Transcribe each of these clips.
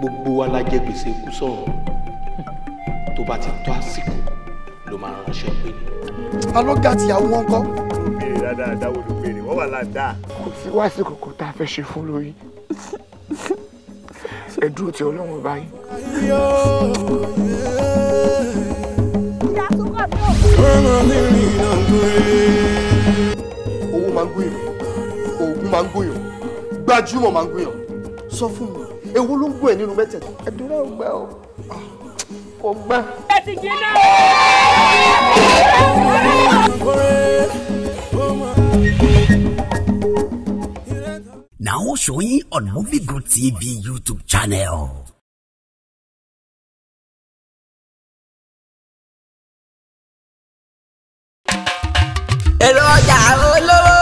gbogbo wa la jẹ gbèsè ikú sọ̀rọ̀ tó bá ti tó àsìkò ló máa ránṣẹ́ pé ni. alọ́gà tìyàwó wọn kọ́. mo béèrè dáadáa dáwọ́ ló béèrè wọ́n wà ládàá. kò sí wá sí tá a fẹ́ ṣe fún lórí ẹ ti ọlọ́run báyìí. owó máa ń gbìyànjú oògùn máa ń gbìyànjú gbajúmọ̀ máa ń gbìyànjú sọ fún mi èwo ló gún ẹ nínú mẹ́tẹ̀ẹ̀ta àdúrà ò gbà ó kò gbà. ẹ ti jiná. Now showing on Movie Good TV YouTube channel. èròjà olówó.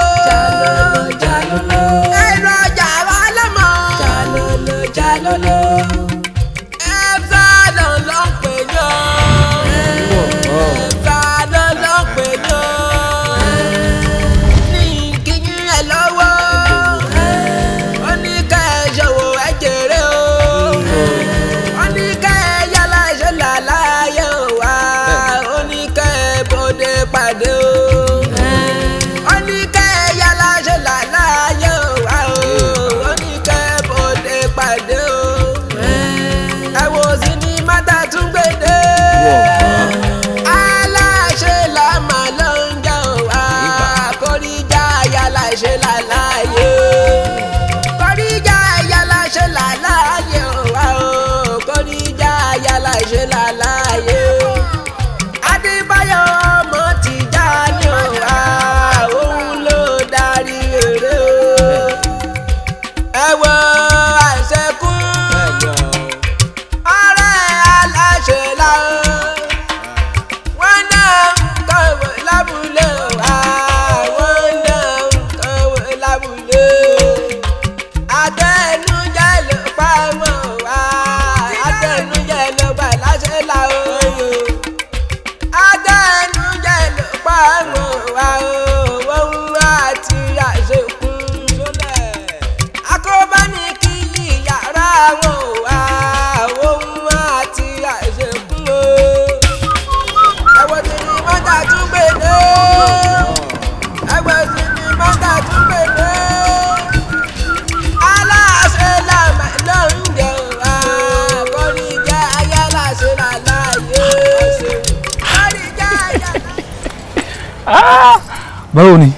Ah! báwo ni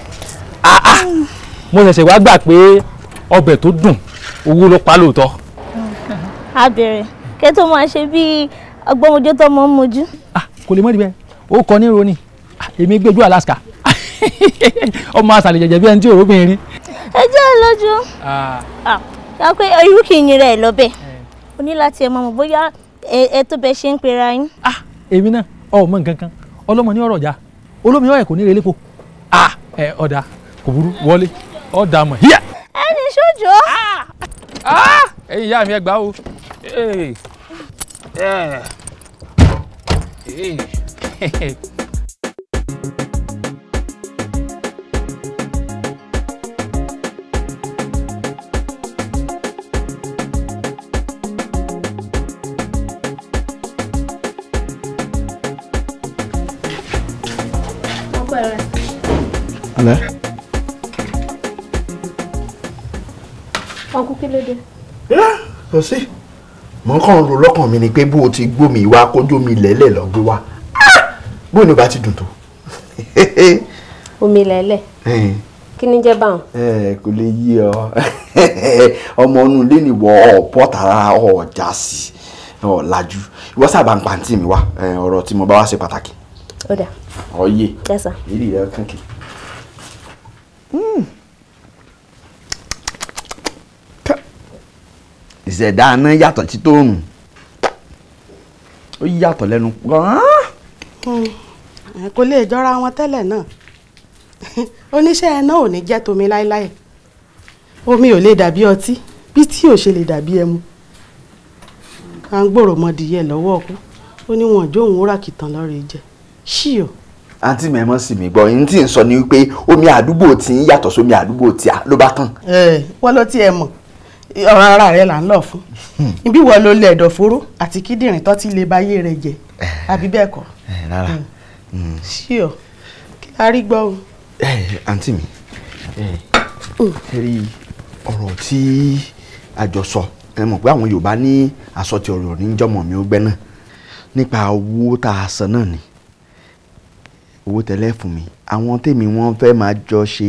ah, ah! mo ṣẹ̀ṣẹ̀ wá gbà pé ọbẹ̀ tó dùn owó ló pa lóòótọ́. a bẹ̀rẹ̀ kẹ́ tó máa ṣe bí ọgbọ́nmojú tó mọ́ mojú. kò lè mọ́ níbẹ̀ O kọ ní ronì èmi gbẹ́jú Alaska ọmọ àṣàlẹ̀ jẹ̀jẹ̀ bí ẹni tí òróbìnrin rí. ẹjọ́ lójú ya pé irú kì í yin rẹ̀ lọ́bẹ̀ eh. o ní láti ẹ̀ mọ̀ mọ̀ bóyá ẹ tó bẹ ṣe ń pera yín. èmi náà ọmọ nǹkan kan ọlọ́mọ ní ọ̀rọ̀ ọ̀já olómi ọ̀yẹ̀ kò ní relé po ah ẹ ọ̀dà kò burú wọlé ọ̀dà mọ̀ híyà. ẹni sójó. ẹ̀yin ìyá mi ẹ gbà o. Hey. Hello. Uncle kí ló dé? Kò sí. Mo kàn ro lọ́kàn mi ni pé bó o ti gbómi wá kójú mi lẹ́lẹ̀ lọ gbé wá. Ah! Bó ni bá ti dùn tó? Omi lẹ́lẹ̀. Kí ni jẹ́ báwọn? Kò lè yí ọ. Ọmọ inú ilé ni wọ ọ̀pọ̀ tara ọ̀já sí ọ̀làjú. Ìwọ sábà ń pàǹtí mi wá ọ̀rọ̀ tí mo bá wá ṣe pàtàkì. Ó dà. Ọyẹ. Ẹ sà. Ìrì rẹ kankì. Hm. ìṣẹ̀dá aná yàtọ̀ sí tóòrùn ó yàtọ̀ lẹ́nu gan-an. Hm. kò lè jọra wọn tẹ́lẹ̀ náà oníṣẹ́ iná ò ní jẹ́ tomi láéláé omi ò lè dàbí ọtí bí tí ò ṣe lè dàbí ẹmu à ń gbòòrò mọ́dìyẹ lọ́wọ́ ọkú ó ní wọn ò jó kìtàn lọ́rọ̀ jẹ ṣíò àǹtí mi ẹ mọ̀ sí mi gbọ́ ẹni tí ń sọ ni wípé omi àdúgbò tí ń yàtọ̀ sómi àdúgbò tí a ló bá tán. wọ́n ló tiẹ̀ mọ̀ ọ̀rọ̀ ara rẹ̀ là ń lọ fún hmm. ibi wọ́n ló lẹ̀ ẹ̀dọ̀fóró àti kíndìnrín tó ti lè báyé rẹ̀ jẹ́ eh. àbí bẹ́ẹ̀ kọ́. Eh, rárá sí hmm. ọ hmm. kí la rí gbọ́ o. àǹtí eh, mi rí ọ̀rọ̀ tí a jọ sọ ẹ mọ̀ pé àwọn Yorùbá ní àsọtì ọ̀rọ̀ níjọ́mọ̀ a san náà owó tẹ́lẹ̀ fún mi àwọn tèmi wọ́n fẹ́ máa jọ ṣe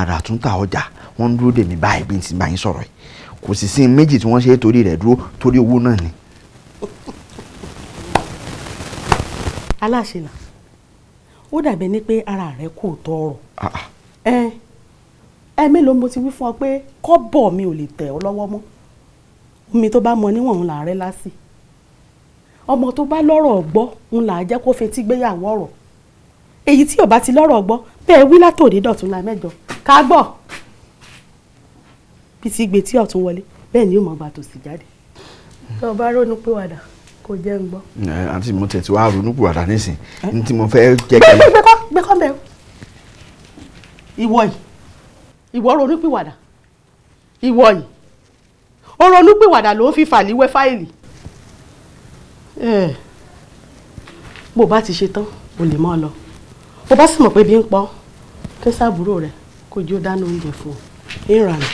àràtúntà ọjà wọ́n ń dúró dèmí báyìí bí n ti bá yín sọ̀rọ̀ yìí kò sì sí méjì tí wọ́n ṣe torí rẹ̀ dúró torí owó náà ni. aláṣẹlá ó dàbí ni pé ara rẹ kò tọrọ ah, ah. ẹ ẹ mélòó mo ti wí fún ọ pé kọ́bọ̀ mi ò lè tẹ̀ ọ́ lọ́wọ́ mọ́ omi tó bá mọ níwọ̀n ń là á rẹ́ lásì ọmọ tó bá lọ́rọ̀ gbọ́ ń là á jẹ́ kó fetí gbéyàwó ọ̀rọ̀ èyí tí ò bá ti lọ́rọ̀ gbọ́ bẹ́ẹ̀ wí látòdì dọ̀tún la mẹ́jọ ká gbọ́ bí ti gbé tí ọ̀tún wọlé bẹ́ẹ̀ ni yóò máa bá tòsí jáde. tó o bá ronú pé wàdà kò jẹ́ ń gbọ́. àǹtí mo tẹ̀ tí wàá ronú pé wàdà nísìn ní tí mo fẹ́ jẹ́ kí. gbẹ́kọ́ gbẹ́kọ́ bẹ́ẹ̀ ìwọ yìí ìwọ ronú pé wàdà ìwọ yìí ó ronú pé wàdà ló ń fi fàlíwẹ́ fáìlì. bó o bá ti ṣe tán o lè mọ́ ọ lọ bó bá sì mọ̀ pé bí ń pọ́ ké sábúrò rẹ̀ kó jó dáná oúnjẹ fún un ìrànà.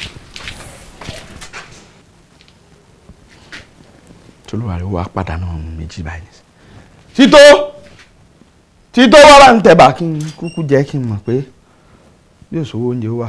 tolúwa rẹ̀ wá pàdánù ọmọ méjì báyìí. tító tító wàrà ń tẹ̀bà kí n kúkú jẹ́ kí n mọ̀ pé yóò sọ oúnjẹ wà.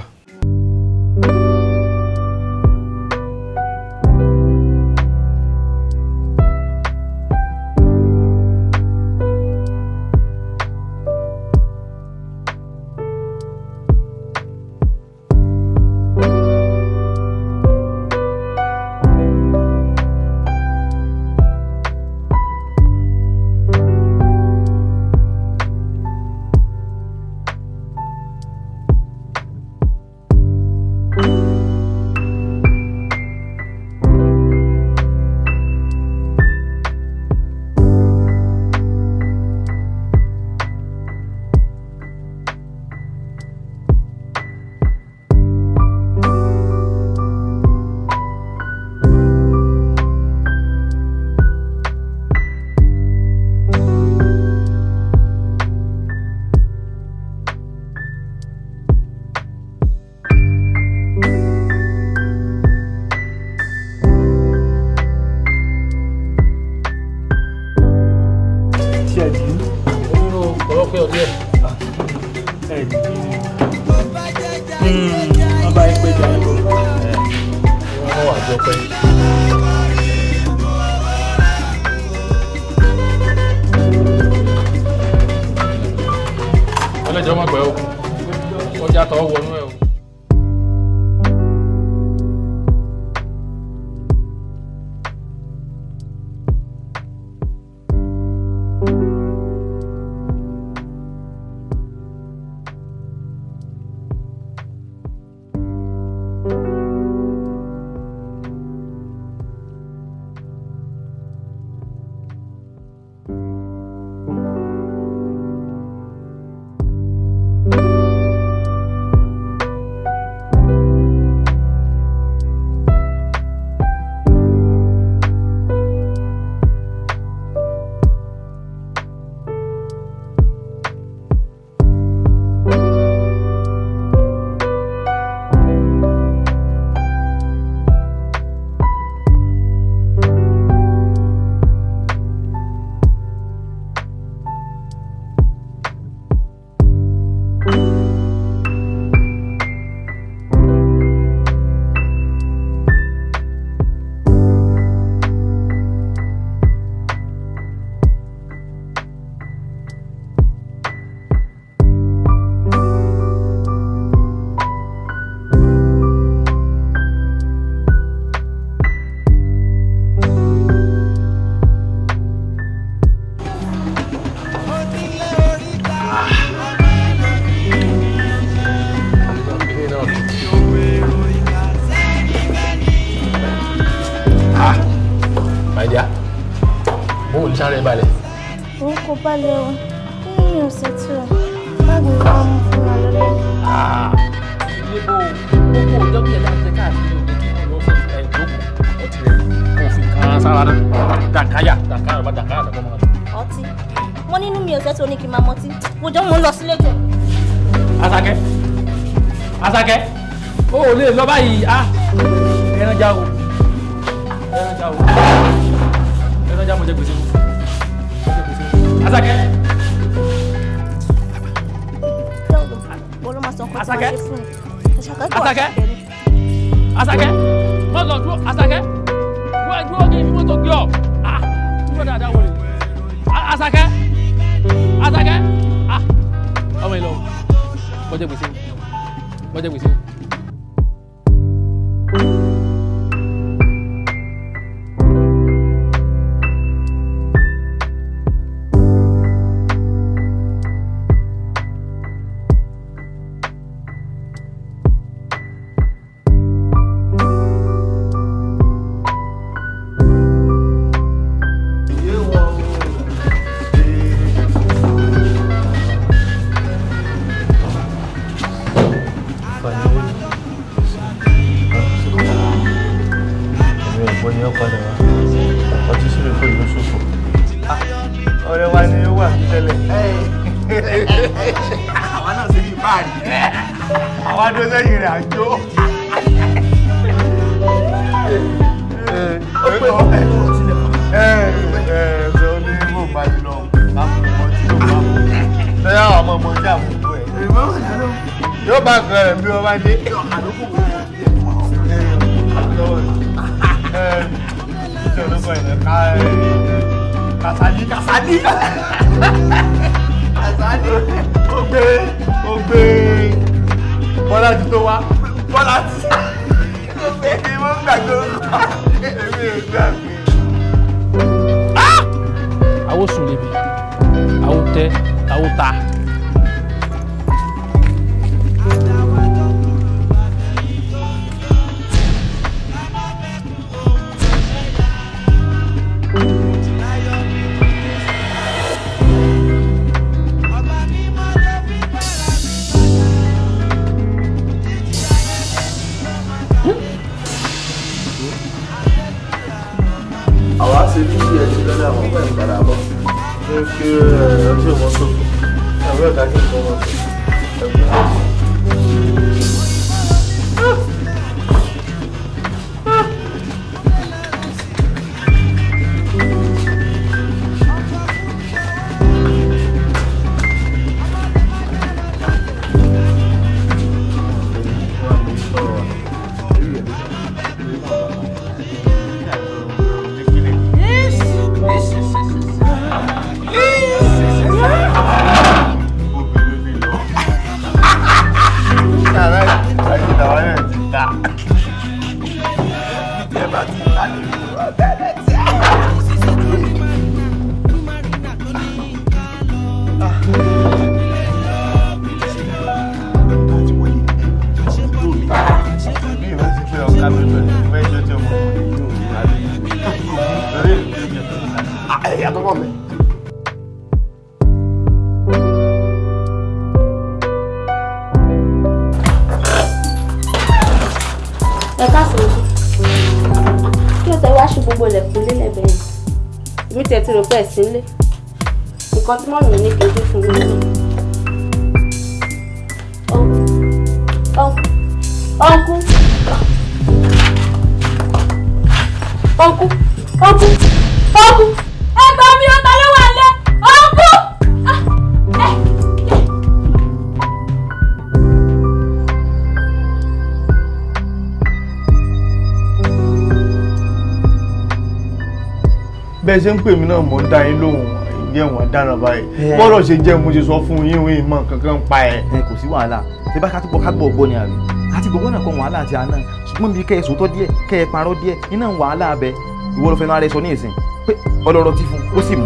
bẹ́ẹ̀ ṣe ń pè mí náà mò ń dá yín lóhùn ìyẹn wọn dáná báyìí bọ́dọ̀ ṣe jẹ́ mo ṣe sọ fún yín òun ìmọ̀ kankan pa ẹ̀. ẹ kò sí wàhálà ṣe bá kátó kágbọ̀ ọgbọ́n ni àrí àti gbogbo náà kan wàhálà àti àná ṣùgbọ́n bí kẹ́ ẹ sòótọ́ díẹ̀ kẹ́ ẹ parọ́ díẹ̀ iná wàhálà abẹ ìwọ ló fẹ́ náà rẹ sọ ní ìsìn pé ọlọ́rọ̀ ti fún ó sì mú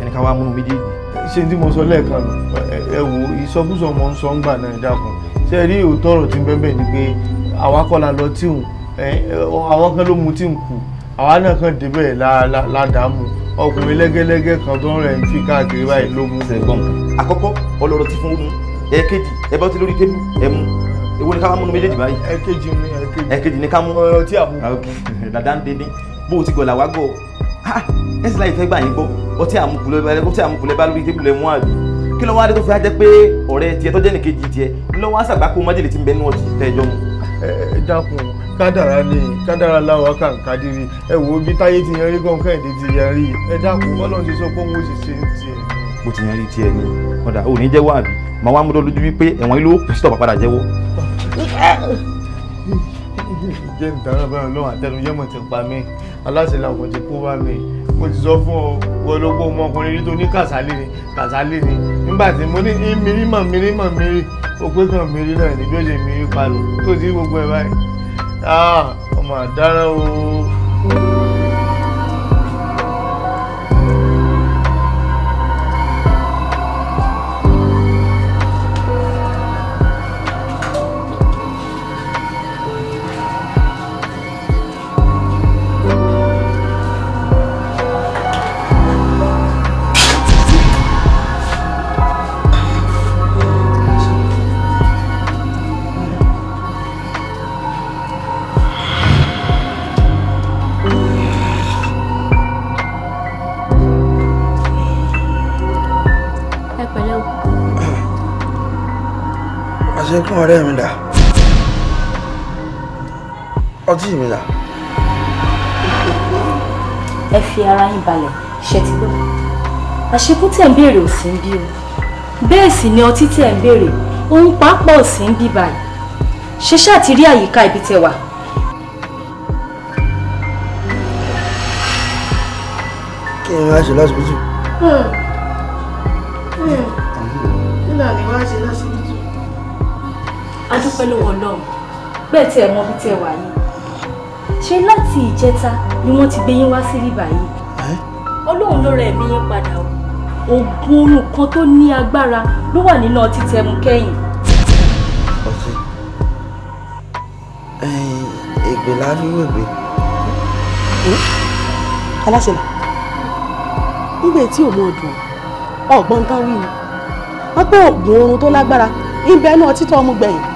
ẹnìkan wa múnú méjèèjì. ṣé tí mo sọ lẹ́ẹ̀kan lọ ẹ wo ìsọkúsọ mọ ń sọ ń gbà náà ẹ dákun ṣe rí òótọ́ ọ̀rọ̀ tí bẹ́ẹ̀ ni pé àwa kọ́ la lọ tíhùn àwọn kan ló mu tíhùn kù àwa náà kàn débẹ̀ ládàámú ọkùnrin lẹ́gẹ́lẹ́gẹ́ kan tó ń rẹ̀ ń fi káàkiri báyìí lógún. ṣẹ̀gbọ́n àkọ́kọ́ ọlọ́rọ̀ ti fún omi ẹ̀ẹ́kejì ẹ bá ti lórí tébù ẹ mú èwo ni ká mú méjèèjì báyìí. ẹ̀ẹ́kejì ni ẹ̀ẹ́kejì. ẹ̀ẹ́kejì ni ká mú. ọ̀rọ̀ tí a mú. Ah, dàda ń dín dín bó o ti gbọ̀ làwa gbọ̀ ẹ sì láì fẹ́ gbà yín gbọ́ ọtí àmukùlẹ̀ bá lórí tébù lẹ̀ mú àbí kí ló wá dé tó fi á jẹ́ pé ọ̀rẹ́ tiẹ̀ tó jẹ́ nìkejì tiẹ̀ ló wá ṣàgbákò májèlé tí ń bẹ nínú ọtí tẹ́jọ́ mu. ẹ dákun kádàrá ni kádàrá láwa kàǹkadìrì ẹ wo bí táyé ti yẹn rí gan kẹ́hìndé ti yẹn rí ẹ dákun bọ́lá ti sọ pé òun ò sì ṣe tiẹ̀. mo ti yẹn rí tiẹ̀ ni kódà ò ní jẹ́wọ́ àbí màá wá múdọ́ lójú wípé ẹ̀wọ̀n ilé ó sítọ̀ padà jẹ́wọ́. jẹ́ ìdáná báyọ̀ lọ́wọ́ àtẹnujẹ́mọ̀ ti pa mí aláṣẹ làwọn ti kó bá mi mo ti sọ fún ọ wọ́n ló ọmọkùnrin rí tó ní kàsálí ni kàsálí ni nígbà tí mo ní mírí mọ̀ mírí mọ̀ mírí o pé kàn mírí náà ní bí ó ṣe mírí palù tó ti gbogbo ẹ̀ báyìí. Ah, mà dára ọ̀rẹ́ mi dà ọtí mi dà. ẹ fi ara yín balẹ̀ ṣe ti gbọ́ àṣekú tẹ̀ ń béèrè ò sí ń bí o bẹ́ẹ̀ sì ni ọtí tẹ̀ ń béèrè òun pàápàá ò sí ń bí báyìí ṣe ṣáà ti rí àyíká ibi tẹ wà kí ni wọ́n á ṣe lọ́sibítù. Hmm. dúpẹ́ lọ́wọ́ Ọlọ́run bẹ́ẹ̀ tí ẹ mọ bí tí ẹ wà yìí ṣé láti ìjẹta ni wọ́n ti gbé yín wá sí rìbà yìí Ọlọ́run ló rẹ̀ mí yín padà o oògùn oorun kan tó ní agbára ló wà nínú ọtí tẹmu kẹ́yìn. ọtí ègbè la fi wègbè. aláṣẹlẹ nígbà tí òun ọdún ọgbọ́n tán wí ni wọ́n pé oògùn oorun tó lágbára ń bẹ inú ọtí tó ọmú gbẹ̀yìn.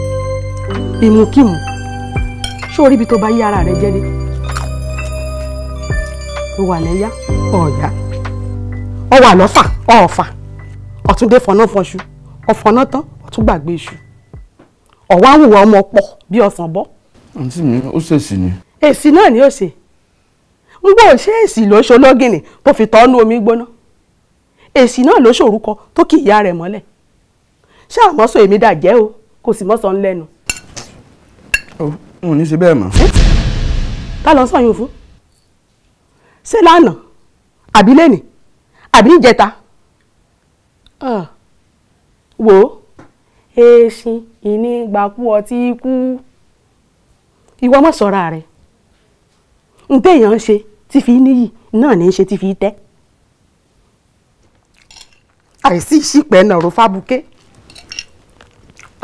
ìmùkímù sórí ibi tó bá yí ara rẹ jẹ́ ni ó wà lẹ́yà ọ̀ọ́yà ó wà lọ́fà ọ̀ọ̀fà ọ̀túndé fọ̀nà fọṣu ọ̀fọ̀nà tán ọ̀tún gbàgbé iṣu ọ̀wá ń wùwà ọmọ pọ̀ bí ọ̀sán bọ́. àǹtí mi ó ṣèṣì ni. èsì náà ni ó ṣe ń gbọ́ ṣé èsì ló ṣe ológìnì tó fi tọ́nu omi gbóná èsì náà ló ṣòrúkọ tó kì ìyá rẹ̀ mọ́lẹ̀ ṣé àmọ́sọ èmi dà jẹ́ o kò sì mọ́sọ ń lẹ́nu ó n ò ní ṣe bẹ́ẹ̀ mọ́. ká lọ sọyún fún ṣé lánàá àbí lẹ́nì àbí ìjẹta ah. wò ó eéṣin ìní gbàkú ọtí ikú ìwọ mọ̀ sọ́ra rẹ̀ ntẹ̀yàn ń ṣe tí fi níyì náà ní í ṣe tí fi tẹ́ àìsí ìṣìpẹ́ nàró fábùké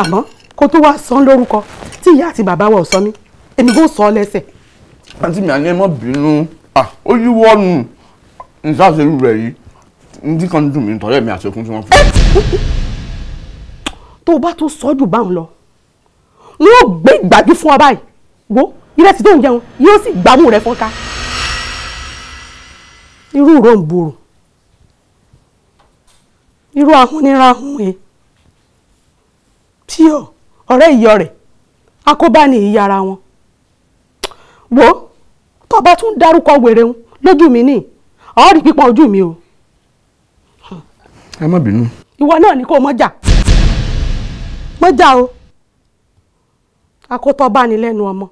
àmọ́ kó tó wá san lórúkọ tí ìyá àti bàbá wa ò sọ mí èmi kò sọ ọ lẹ́sẹ̀. àǹtí mi àní ẹ má bínú ó yíwọ́ nù nsáṣẹ́rù rẹ̀ yìí ndí kan dùn mí tọ́lẹ̀ mi àṣekún tí wọ́n fún mi. tó o bá tún sọ jù báwọn lọ wọn ò gbé ìgbàdí fún ọ báyìí wo ìrẹsì tó ń jẹun yóò sì gbàmú rẹ fọ́nká irú ìró ń borò irú ahun nira ahun ẹ pure. ọ̀rẹ́ ìyọ rẹ̀ akóbá ní ìyá ara wọn wo tó tún dárúkọ wèrè ń lójú mi ní ọ̀rí pípọ́n ojú mi o. ẹ má bínú. ìwọ náà ni kò mọ́jà mọ́jà o akótọ́ bá ní lẹ́nu ọmọ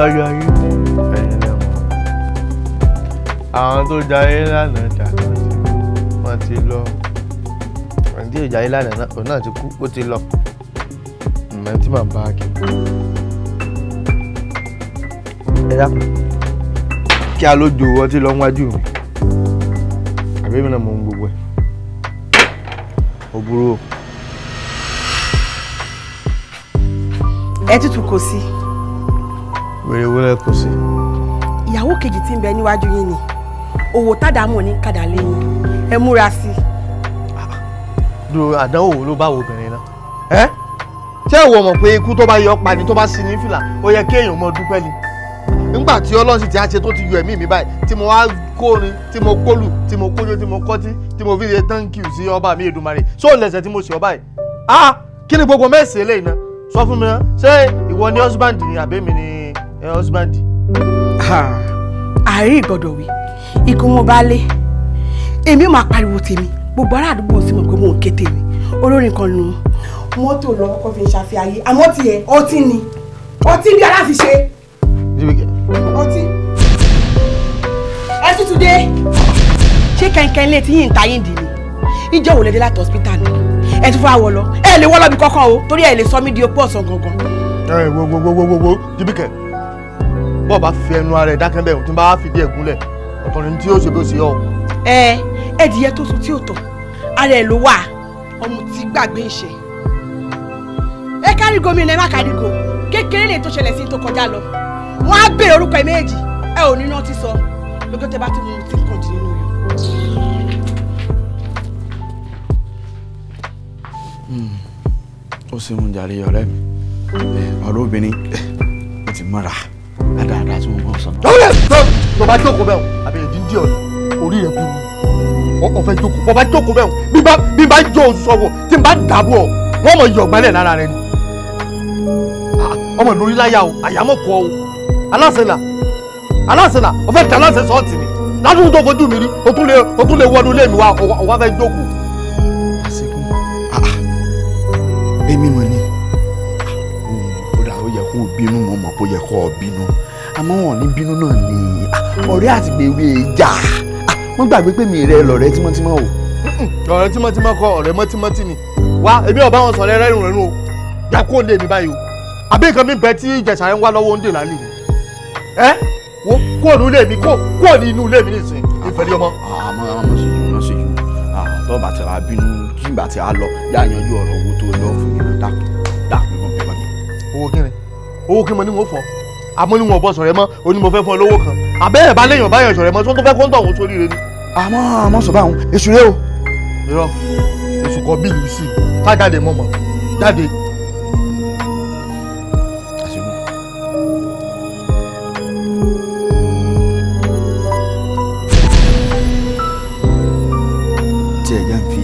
wájú ayé ẹ̀yin lẹ mọ̀ àwọn tó jayé lánàá jàdá sí wọ́n ti lọ àwọn tí ò jayé lánàá òun náà ti kú ó ti lọ ìmọ̀ tí màá bá a kí. ẹ dákun kí a lójú ọtí lọ wájú mi àbí mi náà mọ̀ ń gbogbo ẹ̀ ò burú ẹ tútù kò sí wèrè wo lẹ kó sí. ìyàwó kejì tí ń bẹ níwájú yín ni òwò tádàmọ̀ ní kàdà lẹ́yìn ẹ múra sí i. Ah, dúró àdánwò wo ló bá wo obìnrin náà ẹ ṣé ìwọ mọ̀ pé ikú tó bá yọ pa ni tó bá sí ní fìlà ó yẹ kéèyàn mọ dúpẹ́ ni nígbà tí ọlọ́sìn ti á ṣe tó ti yọ ẹ̀mí mi báyìí tí mo wá kórin tí mo kólù tí mo kójó tí mo kọ́tí tí mo fi ṣe thank you sí ọba mi Èdùmàrè ṣó lẹ̀sẹ̀ tí mo ṣe ọba yìí ah kí ni gbogbo mẹ́sẹ̀ẹ́ lẹ́yìn náà sọ fún mi náà ṣé ìwọ ni husband ni àbẹ́mi ni ẹ eh, husband. àárín ìgbọ́dọ̀ wí ikú wọn bá lé èmi máa pariwo tèmi gbogbo ará àdúgbò sì mọ̀ pé mò ń ké tèmi olórin kan nù. mọ́tò lọ́wọ́ kọ́ fi ń ṣàfihàn ayé àmọ́ tiẹ̀ ọtí ni ọtí bí aláfi ṣe. ọtí ẹ tútù ṣé kẹ́ńkẹ́ ilé tí yìí ń ta yín dì ní ìjọ wò lẹ́dẹ́ láti hospital ni ẹ tún fún àwọ̀ lọ ẹ lè wọ́ lọ́bi kankan o torí ẹ lè sọ mí di opó ọ̀sán gangan. ẹ eh, wo wo wo wo wo jìbìkẹ́ bọ́ ọba fi ẹnu ara ẹ̀ dákẹ́ bẹ́ẹ̀ tí n bá fìdí ẹ̀ gúnlẹ̀ ọ̀tọ̀ ni tí yóò ṣe bí ó ṣe yọ. ẹ ẹdìyẹ tó sùn tí ò tọ ara ẹ ló wà ọmọ tí gbàgbé ń ṣe. ẹ kárígo mi ní ẹ má kárígo kékeré lè tó ṣẹlẹ̀ sí tó kọjá lọ wọ́n á bèrè orúkọ ẹ méjì ẹ ò ní náà ti sọ lójó tẹ bá ti mú ti kàn dín nínú yọ. Hmm. ó ṣeun jàre ọ̀rẹ́ mi ọ̀rọ̀ obìnrin ó ti mọ́ra àdáadáa tí mo bọ̀ sọ. lọ́wọ́ yẹn tó tó bá jókòó bẹ́ẹ̀ o àbẹ̀yẹ dídí ọ̀nà orí rẹ̀ bí mi ọ̀ fẹ́ jókòó bọ́ bá jókòó bẹ́ẹ̀ o bí bá bí bá jó sọ̀wọ́ tí n bá dàbọ̀ ọ̀ wọ́n mọ̀ yọ̀ gbálẹ̀ lára rẹ̀ ni. ọmọ lórí láyà o àyàmọ̀ kọ o aláṣẹlà aláṣẹlà ọ fẹ́ tẹ aláṣẹ sọ́ọ̀tì ni ládùúgbò tó fojú mi rí o tún lè wọnú lé mi wá o wá fẹ́ jókòó kó o bínú mo mọ̀ kó yẹ kó bínú àmọ́ wọn ní bínú náà ni ọ̀rẹ́ àtìgbèwé ìjà wọ́n gbàgbé pé mi rẹ lọ̀rẹ́ tímọ́tímọ́ o. ọ̀rẹ́ tímọ́tímọ́ kọ́ ọ̀rẹ́ mọ́tímọ́tí ni wá èmi ò wọn sọ̀rọ̀ ẹrẹ́rùn rẹ̀ o yà kó lè mi báyìí o àbí nǹkan mi bẹ tí ìjẹ̀sà ń wá lọ́wọ́ ń dè lálẹ́ ẹ wo kó ònú ilé mi kó kó òní inú ilé mi nìsín ìfẹ̀lẹ́ ọmọ. àmọ́ àmọ́ ṣe yìí wọ́n ṣe yìí àtọ́ bàtà àbínú kí bàtà á lọ yá yanjú ọ̀rọ̀ owó tó lọ́ fún mi dákun dákun mọ́ bẹ́ẹ̀ bá mi. owó kí owó kí mo ní wọn fọ àmọ́ ní wọn bọ́ sọ̀rẹ́ mọ́ o ní mo fẹ́ fọ́ lówó kan àbẹ́rẹ́ bá léèyàn báyàn sọ̀rẹ́ mọ́ tí wọ́n tó fẹ́ kó ń tọ̀hún sórí rẹ ni. àmọ́ àmọ́ sọ báwọn èṣù rẹ o. irọ́ èṣù kan bíìlì sí i ká jáde mọ̀mọ́ jáde. tí ẹ̀ já ń fi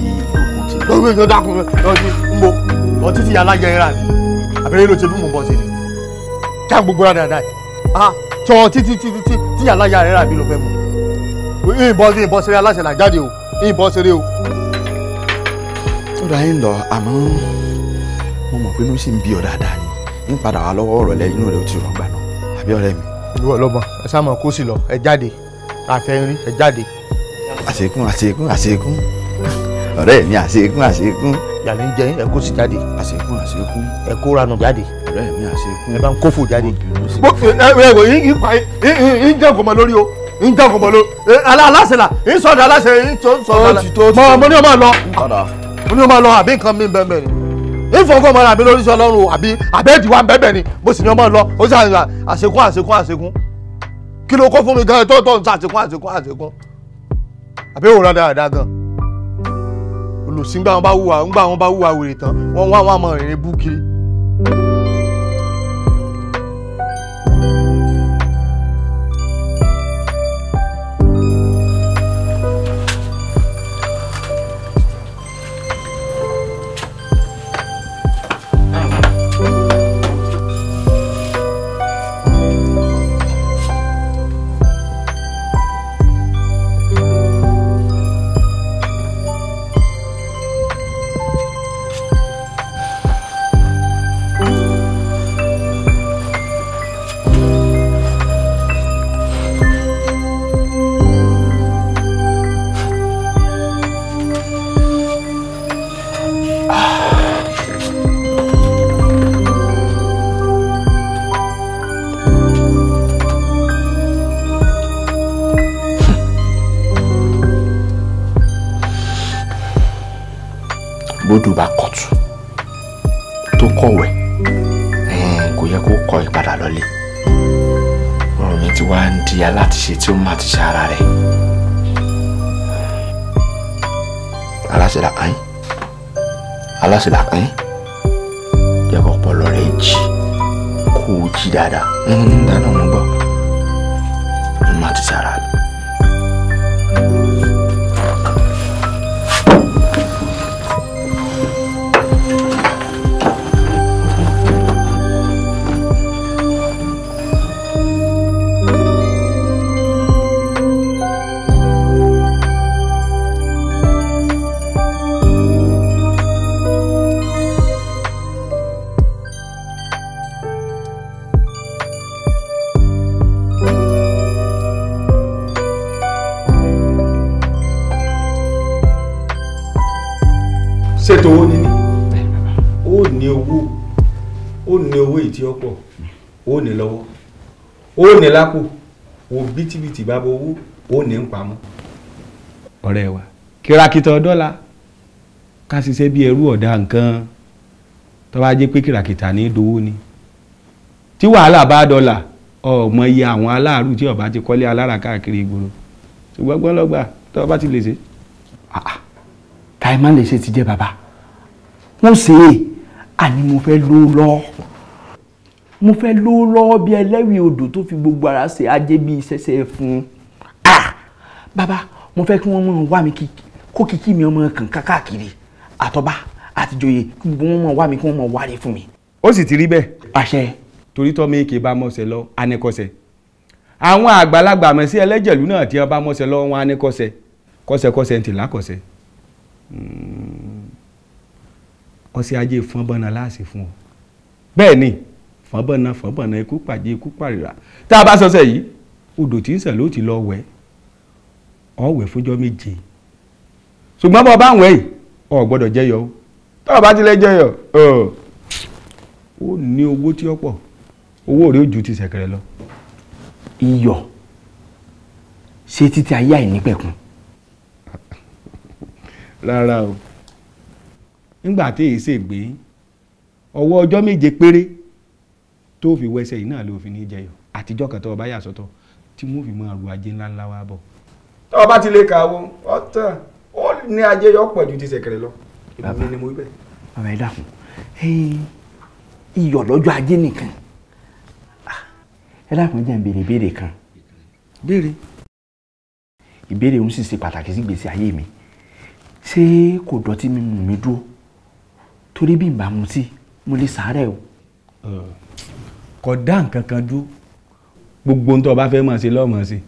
òkun ti. lórí ìjọba kùnrin ọtí ń bo ọtí ti yàrá yẹra ni àbẹ̀rẹ̀ ló ṣe bí mo bọ̀ sí ni dá gbogbo rà dáadáa ah tọ títí títí tí tí aláya rẹ rà bí ló fẹ́ mu ìbọn sí ìbọn ṣeré aláṣẹ là jáde o ìbọn ṣeré o. ó dá yín lọ àmọ́ mo mọ̀ pé ló ṣì ń bí ọ dáadáa ni ń padà wá lọ́wọ́ ọ̀rọ̀ lẹ́yìn inú rẹ̀ ó ti rọ̀ gbà náà àbí ọ̀rẹ́ mi. ìlú ọlọ́mọ ẹ sá mọ kó sì lọ ẹ jáde àfẹ́rin ẹ jáde. àṣekún àṣekún àṣekún ọ̀rẹ́ mi àṣekún àṣekún. yàrá ń jẹ ẹ kó sì jáde. àṣekún àṣekún. ẹ kó ranù jáde ọ̀rẹ́ mi àṣekú. ẹ bá ń kófò jáde. bó ẹ wò yín pa yín jẹ́ nkùnmọ̀ lórí o yín jẹ́ nkùnmọ̀ lórí aláṣẹ la yín sọ̀dọ̀ aláṣẹ yín sọ̀dọ̀ aláṣẹ. mo ní o máa lọ mo ní o máa lọ àbí nǹkan mi bẹ́ẹ̀ bẹ́ẹ̀ ni ìfọ̀kọ́ mọ́ra àbí lórí iṣẹ́ ọlọ́run àbí àbẹ́ẹ̀dì wa bẹ́ẹ̀ bẹ́ẹ̀ ni mo sì ní o máa lọ ó sì àṣekún àṣekún àṣekún kí ló kó fún mi gan tó tó ń sàtìkún àtìkún àtìkún àbí òun rádà àdá gan olùsíngbà wọn bá wùwà ńgbà wọn bá wùwà wèrè tán wọn wá wọn mọ ìrìn bú kiri bódù bá kọ̀tù tó kọ̀wẹ̀ kò yẹ kó kọ ìpadà lọ́lé ọ̀rọ̀ mi ti wá ń di alátiṣe tí ó má ti ṣe ara rẹ̀ aláṣẹ̀dá kan jẹ́ kó ọpọlọ rẹ̀ jí kó o jí dáadáa dáná mo gbọ́. ó ní lápò wo bítíbitì bá bo owó ó ní ń pamọ́. ọ̀rẹ́ wa kìràkìtà dọ́là ká ṣiṣẹ́ bí ẹrú ọ̀dà nǹkan tó bá jẹ́ pé kìràkìtà ní dowó ni tí wàhálà bá dọ́là ọmọ iye àwọn aláàrú tí ọba ti kọ́lé alára káàkiri ìgboro ṣùgbọ́n gbọ́lọ́gbà tó ọba ti lè ṣe. káì ah, ah, má lè ṣe ti jẹ́ bàbá wọ́n ṣe é àní mo fẹ́ ló lọ́ọ́ mo fẹ́ ló lọ́wọ́ bí ẹlẹ́rìí odò tó fi gbogbo ara ṣe ajé bíi ṣẹṣẹ fún un ah bàbá mo fẹ́ kí wọ́n mọ̀ wá mi kí kó kìkì mi ọmọ kàn káàkiri àtọ́bá àtijọ́yè kí gbogbo wọn mọ̀ wá mi kí wọ́n mọ̀ wárí fún mi. ó sì ti rí bẹ́ẹ̀. àṣẹ. torí tọ́ mi kì í bá mọ̀ọ́sẹ̀ lọ anẹ́kọ̀sẹ̀ àwọn àgbàlagbà mẹ́sí ẹlẹ́jẹ̀lú náà tí wọ́n bá mọ̀ọ́sẹ̀ lọ wọn anẹ́kọ̀sẹ̀ kọ́sẹ̀kọ́sẹ̀ ntì lákọ̀sẹ̀ hmm. ọ̀sẹ̀ fọ́nbọ̀nà fọ́nbọ̀nà ikú pàjẹ́ ikú pàrìrà tá a bá sọ́sẹ̀ yìí odò tí ń sẹ̀ ló ti lọ wẹ̀ ọ́ wẹ̀ fúnjọ́ méje ṣùgbọ́n bọ́ bá wẹ̀ yìí ọ̀ gbọ́dọ̀ jẹyọ tó o bá tilẹ̀ jẹyọ ó ní owó tí ó pọ̀ owó rẹ̀ ó ju ti ṣẹ̀kẹ̀rẹ̀ lọ. iyọ̀ ṣé títí ayé àìnípẹ̀kun. rárá o nígbà tí èyí ṣègbè ọwọ́ ọjọ́ méje péré tó fi wẹsẹ̀ yìí náà ló fi ní jẹyọ àtijọ́ kan tó ọba yà sọ́tọ̀ tí wọ́n fi máa ru ajé ńláńlá wa bọ̀. tó o bá ti lè kàwọ ọtàn ó ní ajé yọ pọ̀ ju ti ṣẹ̀kẹ̀rẹ̀ lọ èmi ni mo bẹ̀. bàbá ẹ dákun iyọ̀ lọ́jọ́ ajé nìkan ah, ẹ dákun jẹ́ béèrè béèrè kan béèrè ìbéèrè òun sì ṣe pàtàkì sí gbèsè ayé mi ṣé kò dọ̀tí mímu mi dúró torí bí n bá mutí mo lè sàárẹ̀ o. Uh kò dá nǹkan kan dú gbogbo ohun tó o bá fẹ́ mọ̀ ṣe lọ́mọ̀ ṣe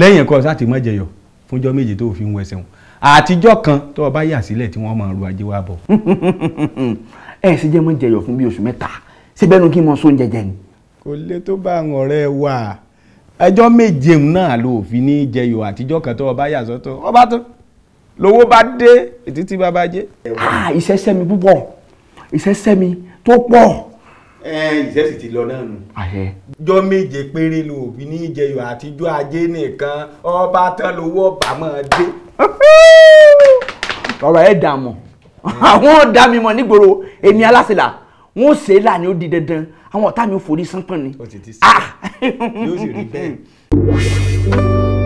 lẹ́yìn ẹ̀kọ́ sáà ti mọ̀ jẹyọ̀ fúnjọ́ méje tó o fi ń wẹ̀ sẹ́wọ̀n àtijọ́ kan tó o bá yà sílẹ̀ tí wọ́n máa ru ajé wa bọ̀. ẹ ẹ sì jẹ́ mọ́ jẹyọ̀ fún bí oṣù mẹ́ta síbẹ̀ nu kí n mọ sóun jẹjẹ ni. kò lè tó bá àwọn ọ̀rẹ́ wa ẹjọ́ méje náà ló fi ní jẹyọ̀ àtijọ́ kan tó o yà sọ́tọ̀ ọba tó lówó bá dé ètí tí bàbá jẹ́. iṣẹ́ ah, sẹ́mi púpọ̀ iṣẹ́ sẹ́mi tó pọ̀ ìṣẹ́sì ti lọ náà nù. jọ méje péré ló òbí ní ìjẹyọ àtijọ́ ajé nìkan ọba tán lówó ọba máa dé. ọ̀rọ̀ ẹ̀ dà mọ̀ àwọn ọ̀dà mi mọ̀ nígboro èmi aláṣẹlà wọn ò ṣe é là ní ó di dandan àwọn ọ̀tá mi ò forí sánpọ̀n ni. ó ti ti sè ah! yóò sì rí bẹ́ẹ̀.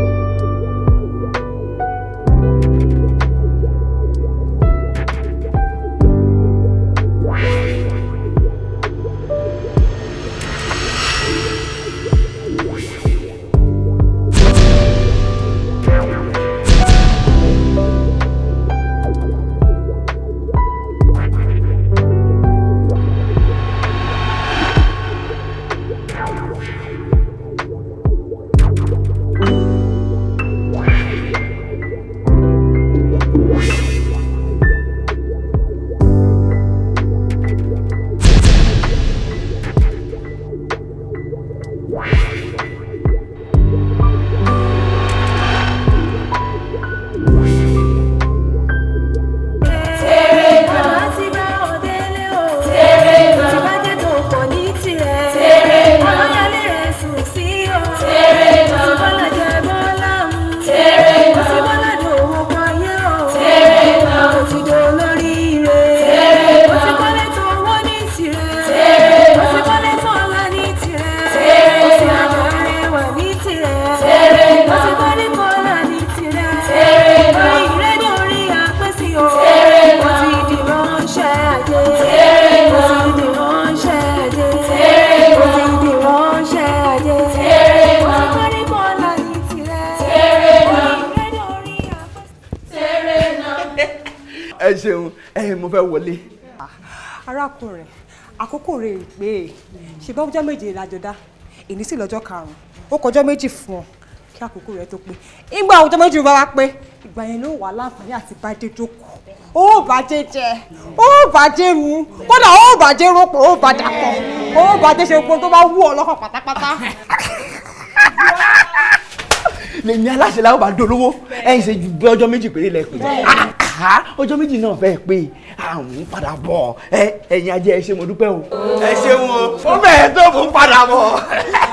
ṣe bá ọjọ́ méje ìlàjọ dá èyí sì lọ́jọ́ karùn-ún ó kọjọ́ méjì fún ọ kí àkókò rẹ tó pé ìgbà ọjọ́ méjì bá wá pé ìgbà yẹn ló wà láǹfààní àti bàjẹ́ jókòó ó bàjẹ́ jẹ ó bàjẹ́ mu kódà ó bàjẹ́ rọ́pọ̀ ó bàjẹ́ pọ̀ ó bàjẹ́ ṣe gbogbo tó bá wù ọ lọ́kàn pátápátá lèmi aláṣẹ làwọn bá dolówó ẹ̀yin ṣe ju bí ọjọ́ méjì péré lẹ pè é àhá ọjọ́ méjì náà fẹ́ pé àwọn padà bọ̀ ẹ ẹ̀yin ajẹ́ ẹ ṣé mo dúpẹ́ o. ẹ ṣeun o fún bẹ́ẹ̀ tó fún padà bọ̀.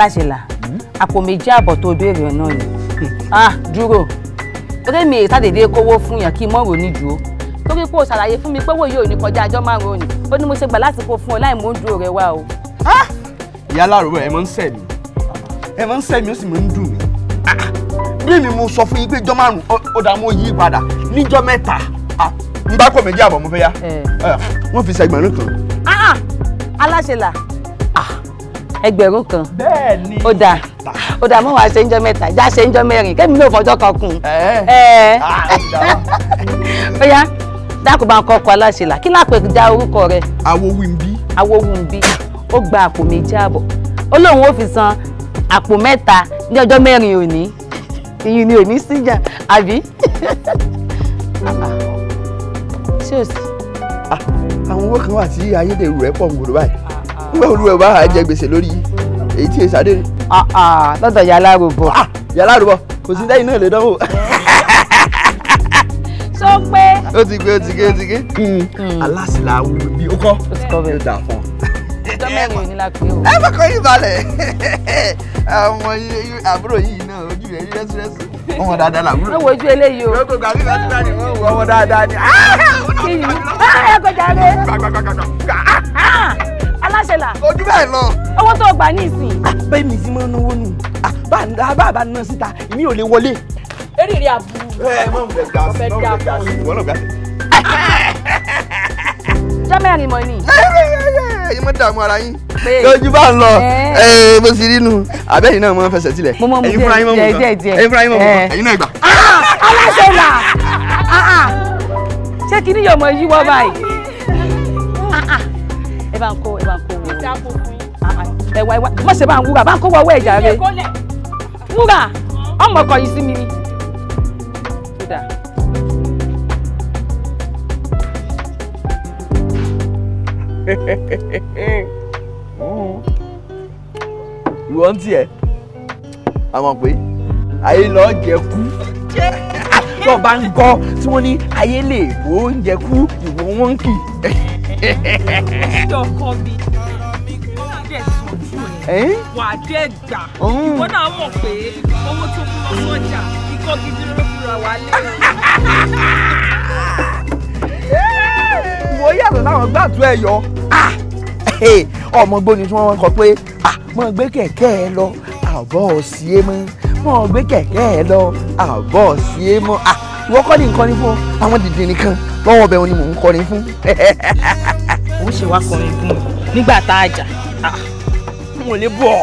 aláṣẹlà àpò hmm? méjì àbọ̀ tó béèrè ọ̀nà ni ah dúró eré mi ìtàdédé kówó fún yàn kí n mọ̀rò ní dúró torí pé o ṣàlàyé fún mi pé wòye ò ní kọjá ọjọ́ márùn-ún ni ó ní mo ṣe gbà láti kó fún ọ láì mú oúnjẹ rẹ wá o. Ah! ìyá aláròó ẹ mọ ń sẹ mi ẹ mọ ń sẹ mi ó sì mọ ń dùn mí ah! bí mi mo sọ fún yín pé ìjọ márùn ó dá mo yí padà níjọ́ mẹ́ta ah, n bá kọ méjì àbọ̀ mo fẹ́ yá eh. Eh, wọ́n fi ṣe kan. aláṣẹlà ẹgbẹ̀rún kan. bẹ́ẹ̀ni. ó dáa ó dáa mọ́ wàá ṣe ń jọ mẹ́ta já ṣe ń jọ mẹ́rin kémi náà fọjọ́ kan kùn. Ah, ó yá dákun bá ń kọ́ ọkọ̀ aláṣẹlà kí lápẹ̀ já orúkọ rẹ. awowimbi. awowimbi ó gba àpò méjì àbọ̀ ó lóun ó fi san àpò mẹ́ta ní ọjọ́ mẹ́rin òní ìyìn ni òní síjà àbí tí ò sí. àwọn owó kan wà tí ayédèrú rẹ̀ pọ̀ ń gbòòrò báyìí nígbà olúwẹ̀ bá jẹ gbèsè lórí èyí tí èsì adé. Ah, ah, lọ́dọ̀ yàrá ròbọ̀. yàrá kò sí lẹ́yìn náà lè dánwò. sọ pé. ó ti gbé ó ti gbé ó ti gbé. Hmm, hmm. aláṣìlá awúlò bí ó kọ́ ó dà fún ọ. ọjọ́ mẹ́rin ni la pé o. ẹ fọkàn yín balẹ̀ ọmọ àbúrò yìí náà ojú rẹ̀ rí rẹ́sírẹ́sì ọmọ dáadáa là wúlò. ẹ wojú eléyìí o. lọ́gbọ̀gbà kí bá ti bá ní wọ́n wọ ọmọ dáadáa ni. kí ni ah! ẹ kọjá rẹ ṣe là. ojú bẹ́ẹ̀ lọ. owó tó gbà ní ìsìn. Ah, bẹ́ẹ̀ mi sì máa ń náwó nù ah, bá a bá ná síta èmi ò lè wọlé. eré rẹ̀ àbúrò. ẹ mọ̀ mi bẹ̀ gà sí mọ̀ mi bẹ̀ gà sí ìwọ náà gà sí. jọ́mẹ́ ni mo ní. ẹyin mọ dààmú ara yín. lójú bá ń lọ bó ṣe rí nu àbẹ́yìn náà mọ fẹsẹ̀ sílẹ̀. mo mọ mu díẹ̀ díẹ̀ díẹ̀ ẹyin fúnra yín mọ mu kan ẹyin náà gbà. Ah, aláṣẹ là ṣé kí ni yóò mọ yíwọ́ báyìí bá ń kó ẹ bá ń kó wọ. ẹwà ẹwà má ṣe bá ń wúrà ọmọ kọ yìí sí mi ìwọ ń tiẹ̀ àmọ̀ pé ayé lọ́ọ́ jẹ kú tó bá ń gbọ́ tí wọ́n ní ayé lè bó oúnjẹ kú ìwọ wọn kì ọkọ mi wà á dẹ́ gbà ìwọ náà mọ̀ pé owó tó kú lọ sọ́jà ikọ́ gidi ló fura wá lé wo yàtọ̀ táwọn gbàtú ẹ yọ ah! ọmọ gbóni tí wọ́n kọ pé ah, mọ̀ gbé kẹ̀kẹ́ ẹ lọ àbọ̀ sí é mọ́ mọ̀ gbé kẹ̀kẹ́ ẹ lọ àbọ̀ sí é mọ́ ah, ìwọ́kọ́ ní nǹkan ní fún àwọn dìde nìkan lọ́wọ́ bẹ́ẹ̀ ni mò ń kọrin fún. ó ṣe wá kọrin fún mi nígbà tá a jà mo ah, lè bọ̀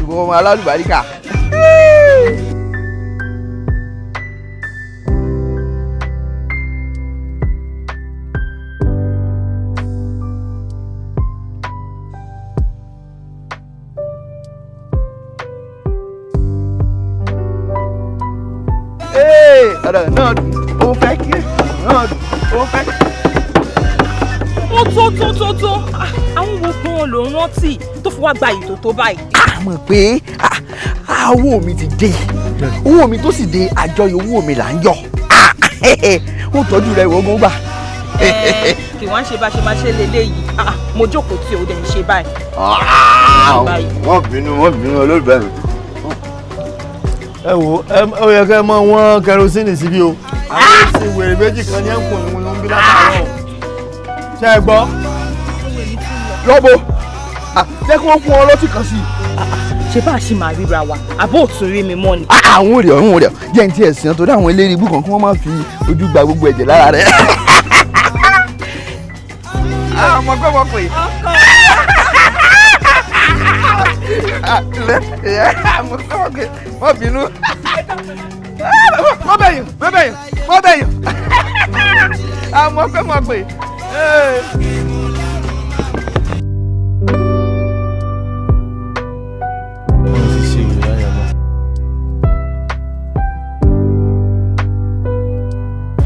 ìwọ ọmọ alálùbáríkà. Hey, I don't know ló fẹ́. ó tó tó tó tó ah, àwọn wo gan an ló ń rántí tó fi wá gba ìtò tó báyìí. a ah, mọ̀ pé ah, owó mi ti dé owó mi tó sì dé àjọyọ̀ owó mi là ń yọ ó tọ́jú rẹ̀ ìwọ́gbọ́n gbà. kì wọ́n ṣe bá ṣe máa ṣe lélẹ́yìí mo jókòó tí o dẹ̀ ń ṣe báyìí. wọ́n bínú wọ́n bínú olóògbé mi. ẹ wo ó yẹ kẹ́ ẹ mọ wọn kẹrosínì síbí o àwọn èsì wèrè méjì kan ní ẹ̀kọ́ ni wọ́n látàárọ̀ ṣe é gbọ́ lọ́bọ̀ jẹ́ kí wọ́n fún ọ lọ́tì kan sí i. ṣé bá a ṣe máa ríra wa àbó òtún rí mi mọ́ ni. àwọn òrìọ̀ àwọn òrìọ̀ jẹ́ ní ti ẹ̀sìn torí àwọn eléré ibú kan kí wọ́n má fi ojú gba gbogbo ẹ̀jẹ̀ lára rẹ̀. Ah, ọmọ gbọ́ mọ pé. ọmọ gbọ́ mọ bínú. mọ bẹ̀yìn mọ bẹ̀yìn mọ bẹ̀yìn. àmọ́ pé mọ̀ pé.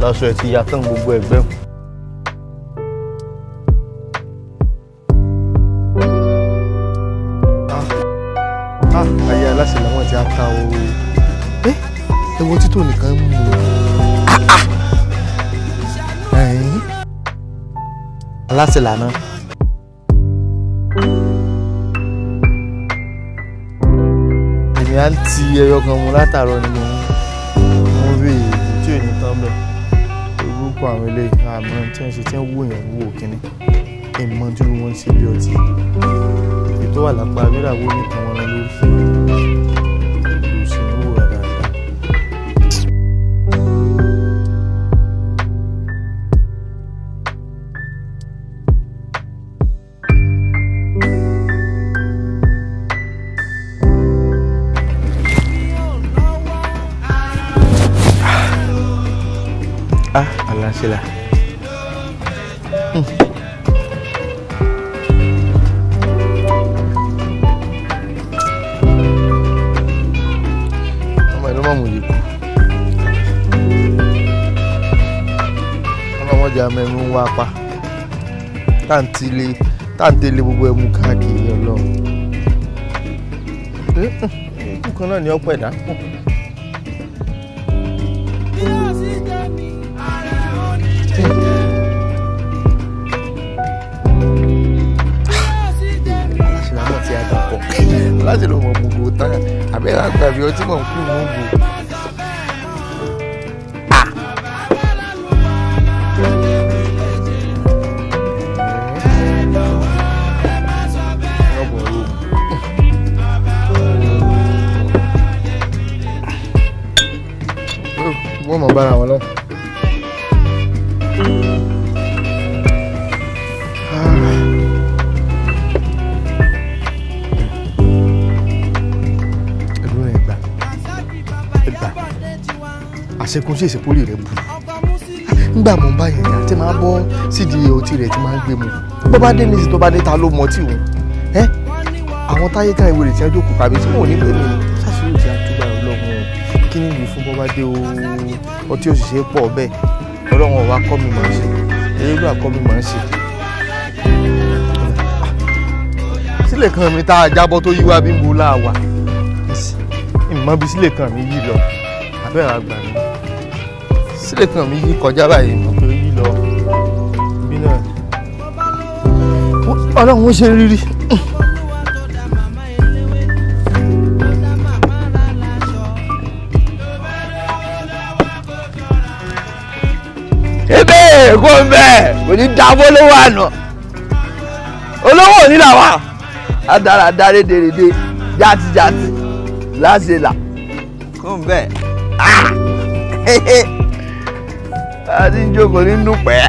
lọ́sọ̀ ẹ̀ ti yàtọ̀ gbogbo ẹ̀gbẹ́ aláṣẹ lànà. èmi á ti ẹyọ kan mu látàárọ̀ ni mo ń mú bí èyí tí ò ní tán bẹ̀ orúkọ àwọn ilé àmì tí wọ́n ṣe tí ń wò yẹn wò kínní èmi mọ́ tí wọ́n ń ṣe bí ọtí èyí tó wà lápá abẹ́rẹ́ àwọn onítàn wọn lórí. ah aláṣẹ la. Mm. ọjà mẹ́rin ń wá pa táǹtìlé táǹtìlé gbogbo ẹmu káàkiri ọlọ́run ikú eh, hmm. kan náà ni ọ̀pọ̀ ẹ̀dá pọ̀. àbẹ́rẹ́ àgbàbí ọtí mọ̀ ń kú nùgbò. kò ṣèṣe pórí rẹ̀ bù nígbà mo bá yẹn yà tí máa bọ́ sídìí ọtí rẹ̀ tí máa ń gbé mu bó bá dé nísìtò bá dé ta ló mọ tí òun ẹ àwọn táyé ká ìwé rẹ̀ tí a jókòó kàbí tí wọn ò ní pè mí ṣàṣírò tí a túbà ọlọ́run kí ni ìlú fún bó bá dé o ọtí òṣìṣẹ́ pọ̀ bẹ́ẹ̀ ọlọ́run ọ̀wá kọ́ mi máa ń ṣe eléyìí àkọ́ mi máa ń ṣe. sílẹ̀ kan mi tá a jábọ́ tó yíwá bí ń bu láàwà ìmọ̀ bí sílẹ̀ kan mi yí lọ àbẹ́rẹ́ sílẹ̀ kan mi yí kọjá báyìí mo pé yí lọ bí náà ọlọ́run ó ṣe rírí. ebe kò ń bẹ kò ní dábọ́ lówó àná olówó òní làwà adarada rédèrèdè játijàti láṣẹlà kò ń bẹ. Ah! a ti ń jókòó ní dúpẹ́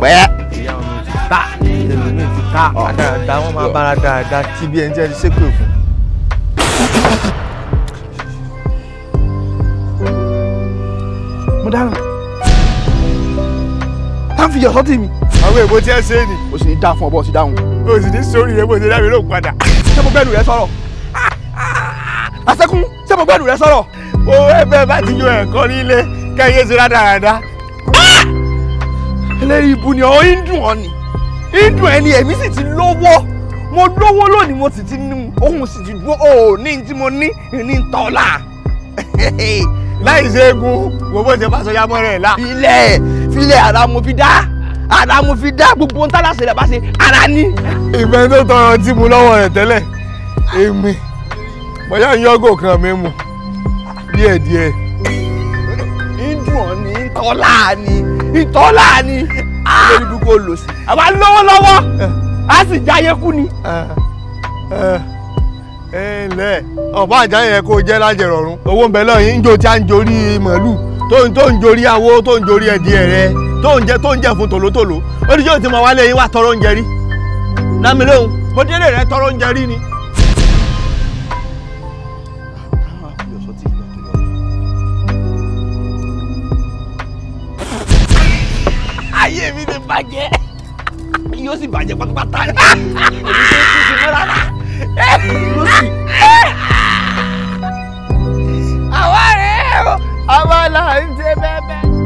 pẹ́. ìyá ọmọ ti ta ẹlòmíì ti ta àdáradá wọn máa bára dáadáa tí bí ẹni tí ẹ ti ṣépè fún. mo dáná tá n fi yọ̀sọ́ tì mí. àwọn èèbó tí ẹ ṣe é ni. o sì ní dá fún ọ bó o sì dáhùn. o sì ní sórí rẹ bó o ṣe dábìí ló ń padà. ṣé mo gbẹ́nu rẹ sọ̀rọ̀ àṣẹkùn ṣé mo gbẹ́nu rẹ sọ̀rọ̀. owó ẹgbẹ́ bá ti yọ ẹ̀kọ́ nílé kẹ́yìn ṣe rádaràda eléyìí ibu ni ọ ń dùn ọ ni ń dùn ẹni èmi sì ti lówó mo lówó lónìí mo sì ti ní ohun sì ti dúró ò ní tí mo ní ní tọ́lá láì ṣe egun gbogbo ṣe fàṣọ ya mọ́rẹ̀ la. filẹ̀ filẹ̀ ara mo fi dá ara mo fi dá gbogbo ohun tálà ṣẹlẹ̀ bá ṣe ara ní. ìgbẹ́ tó tọrọ tí mo lọ́wọ́ rẹ̀ tẹ́lẹ̀ èmi bóyá yọ́gò kan mi mu díẹ̀díẹ̀. ń dùn ọ́ ní tọ́lá ni ìtọ́lá ni olórí bí kò lò sí àwa lówó lọ́wọ́ eh. a sì jáyé kú ni. Eh. Eh. ẹ ǹlẹ́ ọ̀pá àjáyé yẹn kó jẹ́ lájẹrọ̀rùn owó ń bẹ lọ́yìn ń jó tí a ń jorí màálù tó ń tó ń jorí awó tó ń jorí ẹ̀dìẹ̀ rẹ tó ń jẹ tó ń jẹ fún tòlótòló ó ti mọ wálé yín wá tọrọ oúnjẹ rí lámìlóhùn mo délé rẹ tọrọ oúnjẹ rí ni. bàjẹ́ yóò sì bàjẹ́ pátápátá ni èmi tó kú sí mọ́ rárá àwa rèé o àwa là ń ṣe bẹ́ẹ̀ bẹ́ẹ̀.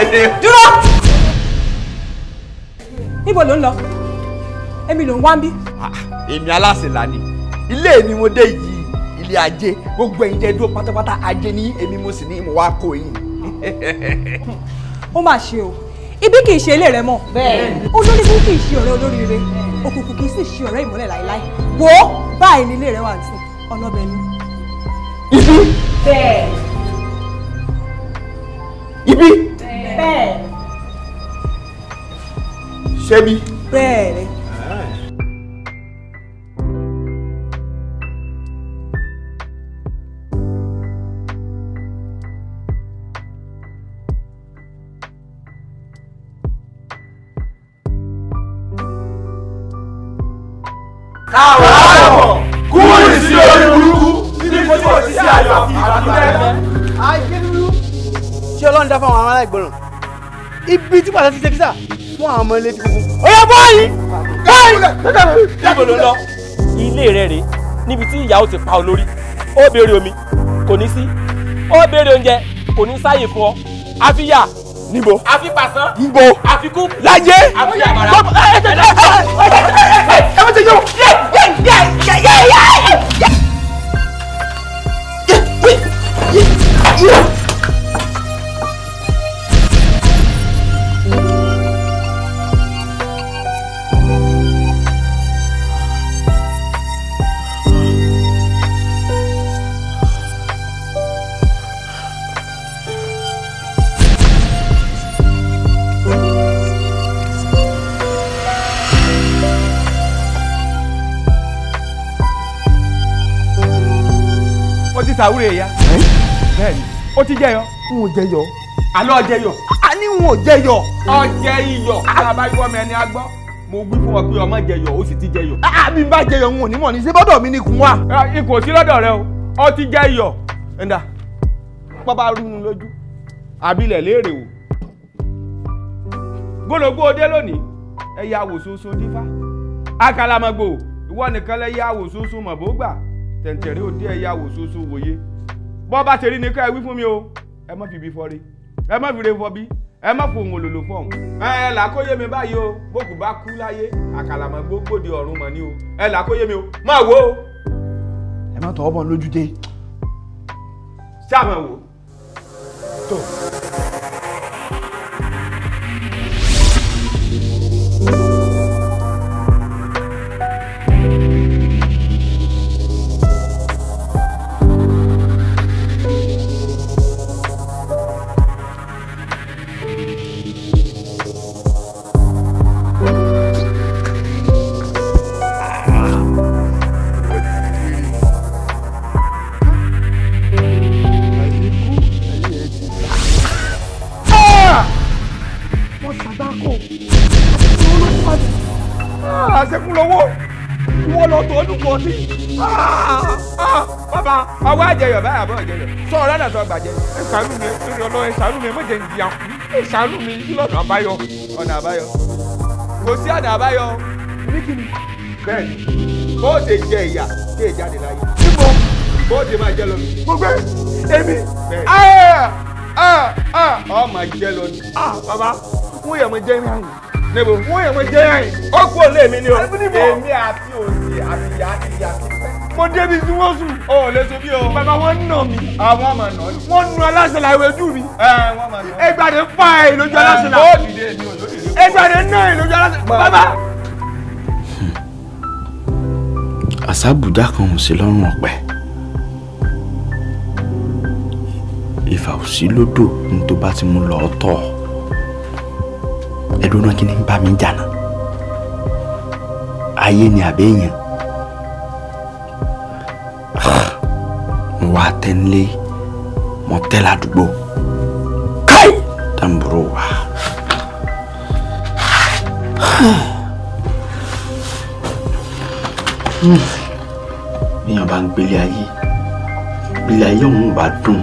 ẹ̀dẹ̀. dúró níbo ló ń lọ èmi ló ń wá ń bí. Ah, èmi aláṣẹlá ni ilé mi mo dé yìí ilé ajé gbogbo ẹ̀yin jẹ́ dúró pátápátá ajé ní èmi mo sì ní mo wá kó yín. ó mà ṣe o ibi kì í ṣe ilé rẹ mọ́ olórí kì í ṣe ọ̀rẹ́ olóríire òkùnkùn kì í sì ṣe ọ̀rẹ́ ìmọ́lẹ̀ láéláé wò ó báyìí ní ilé rẹ wà tún ọ̀nà ọbẹ̀ ni. ibi. bẹ́ẹ̀. ibi bẹ́ẹ̀. ṣebí. bẹ́ẹ̀ ni. káwọ́ kúrò sí orí burúkú níbi tí mo ti ṣe àyọ̀ ìbànújẹ́ tí ọlọ́run dá fáwọn ará ìgbọràn ibi tí pàṣẹ ti ṣe kíta fún àwọn ọmọ ilé tí kúkú. ọyọ bọ́ọ̀lì bọ́ọ̀lì níbo ló ń lọ ilé rẹ rèé níbi tí ìyàwó ti pa olórí ó béèrè omi kò ní sí ó béèrè oúnjẹ kò ní sáàyè fún ọ àfi yà níbo àfi pàṣán níbo àfi kú láyé àfi yà. jẹyọ. àlọ́ jẹyọ. a ní wọn ò jẹyọ. ọjẹ iyọ bàbá yọ ọmọ ẹni agbọ́ mo wí fún ọ pé ọmọ jẹyọ ó sì ti jẹyọ. àbí bá jẹyọ ń wò ní mọ̀ ní ṣé bọ́dọ̀ mi ni kùn wá. ikùn sí lọ́dọ̀ rẹ o ọ ti jẹ iyọ. ẹ̀dà pọ́pá rúnú lójú àbílẹ̀ léèrè o. gbólógbó odé lónìí ẹ yà wò sunsun dífá. àkàlàmọ̀gbò ìwọ nìkan lẹ yà wò sunsun mọ̀ bó gbà tẹ̀ǹtẹ̀rẹ́ òde ẹ yà wò sunsun wòye. bọ́ bá ṣe rí ni ká ẹ wí fún mi o ẹ má fi ibi fọ́ rí ẹ má fi re fọ́ bí ẹ má fòun òlòlò fọ́ọ̀n. ẹ làkóyè mi báyìí o bókù bá kú láyé àkàlàmọ́ gbógbòde ọ̀run mọ̀ ni o ẹ làkóyè mi o máa wo. ẹ má tọ́ ọ bọ̀ lójú dé. sáà máa wò. tó. kó sí. Ah, ah, ah, bàbá ọwọ́ àjẹyọ̀ báyà bọ̀ àjẹyọ̀ sọ ọ̀rọ̀ àdàtọ̀ àgbàjẹ ẹ ṣàánú mi lórí ọlọ́ ẹ ṣàánú mi ẹ mọ̀jẹ̀ ìdíyà ẹ ṣàánú mi lọ́nà àbáyọ ọ̀nà àbáyọ kò sí ọ̀nà àbáyọ oníkìní bẹ́ẹ̀ bó ṣe jẹ ìyà ṣe ìjáde láyé níbo bó ṣe máa jẹ lọ́nà. gbogbo èmi ọmọ jẹ lọ́nà bàbá wọ́n yẹ̀ mọ́ jẹ́ ní àyìn níbo wọ́n yẹ̀ mọ́ jẹ́ ní àyìn ọkọ̀ lèmi ni o èmi àti òní àti àtìyà àtìyà ti pẹ́. mo débi tí wọ́n sùn. o ò lè ṣe bí o. bàbá wọn nà mí. àwọn ọmọ nà mí. wọ́n nu aláṣẹ la ìwé ojú mi. ẹ wọ́n mọ̀ ní. ẹgbàdé fa ẹ lójú aláṣẹ la. ó dìde mi ò lódìde. ẹgbàdé ná ẹ lójú aláṣẹ bàbá. àṣàbùdá kan ò sí lọ́rùn ọ̀pẹ. ìfà ò sí lódò ní tó bá ti mú lọ́ọ́ tọ̀ ẹ lóná kí ni bá mi jà náà ayé ni àbẹ́yẹn wá tẹ́ńlé mọ́tẹ́ ládùúgbò káì dàmbúrò wá. bíyàn bá ń gbélé ayé gbélé ayé òun bá dùn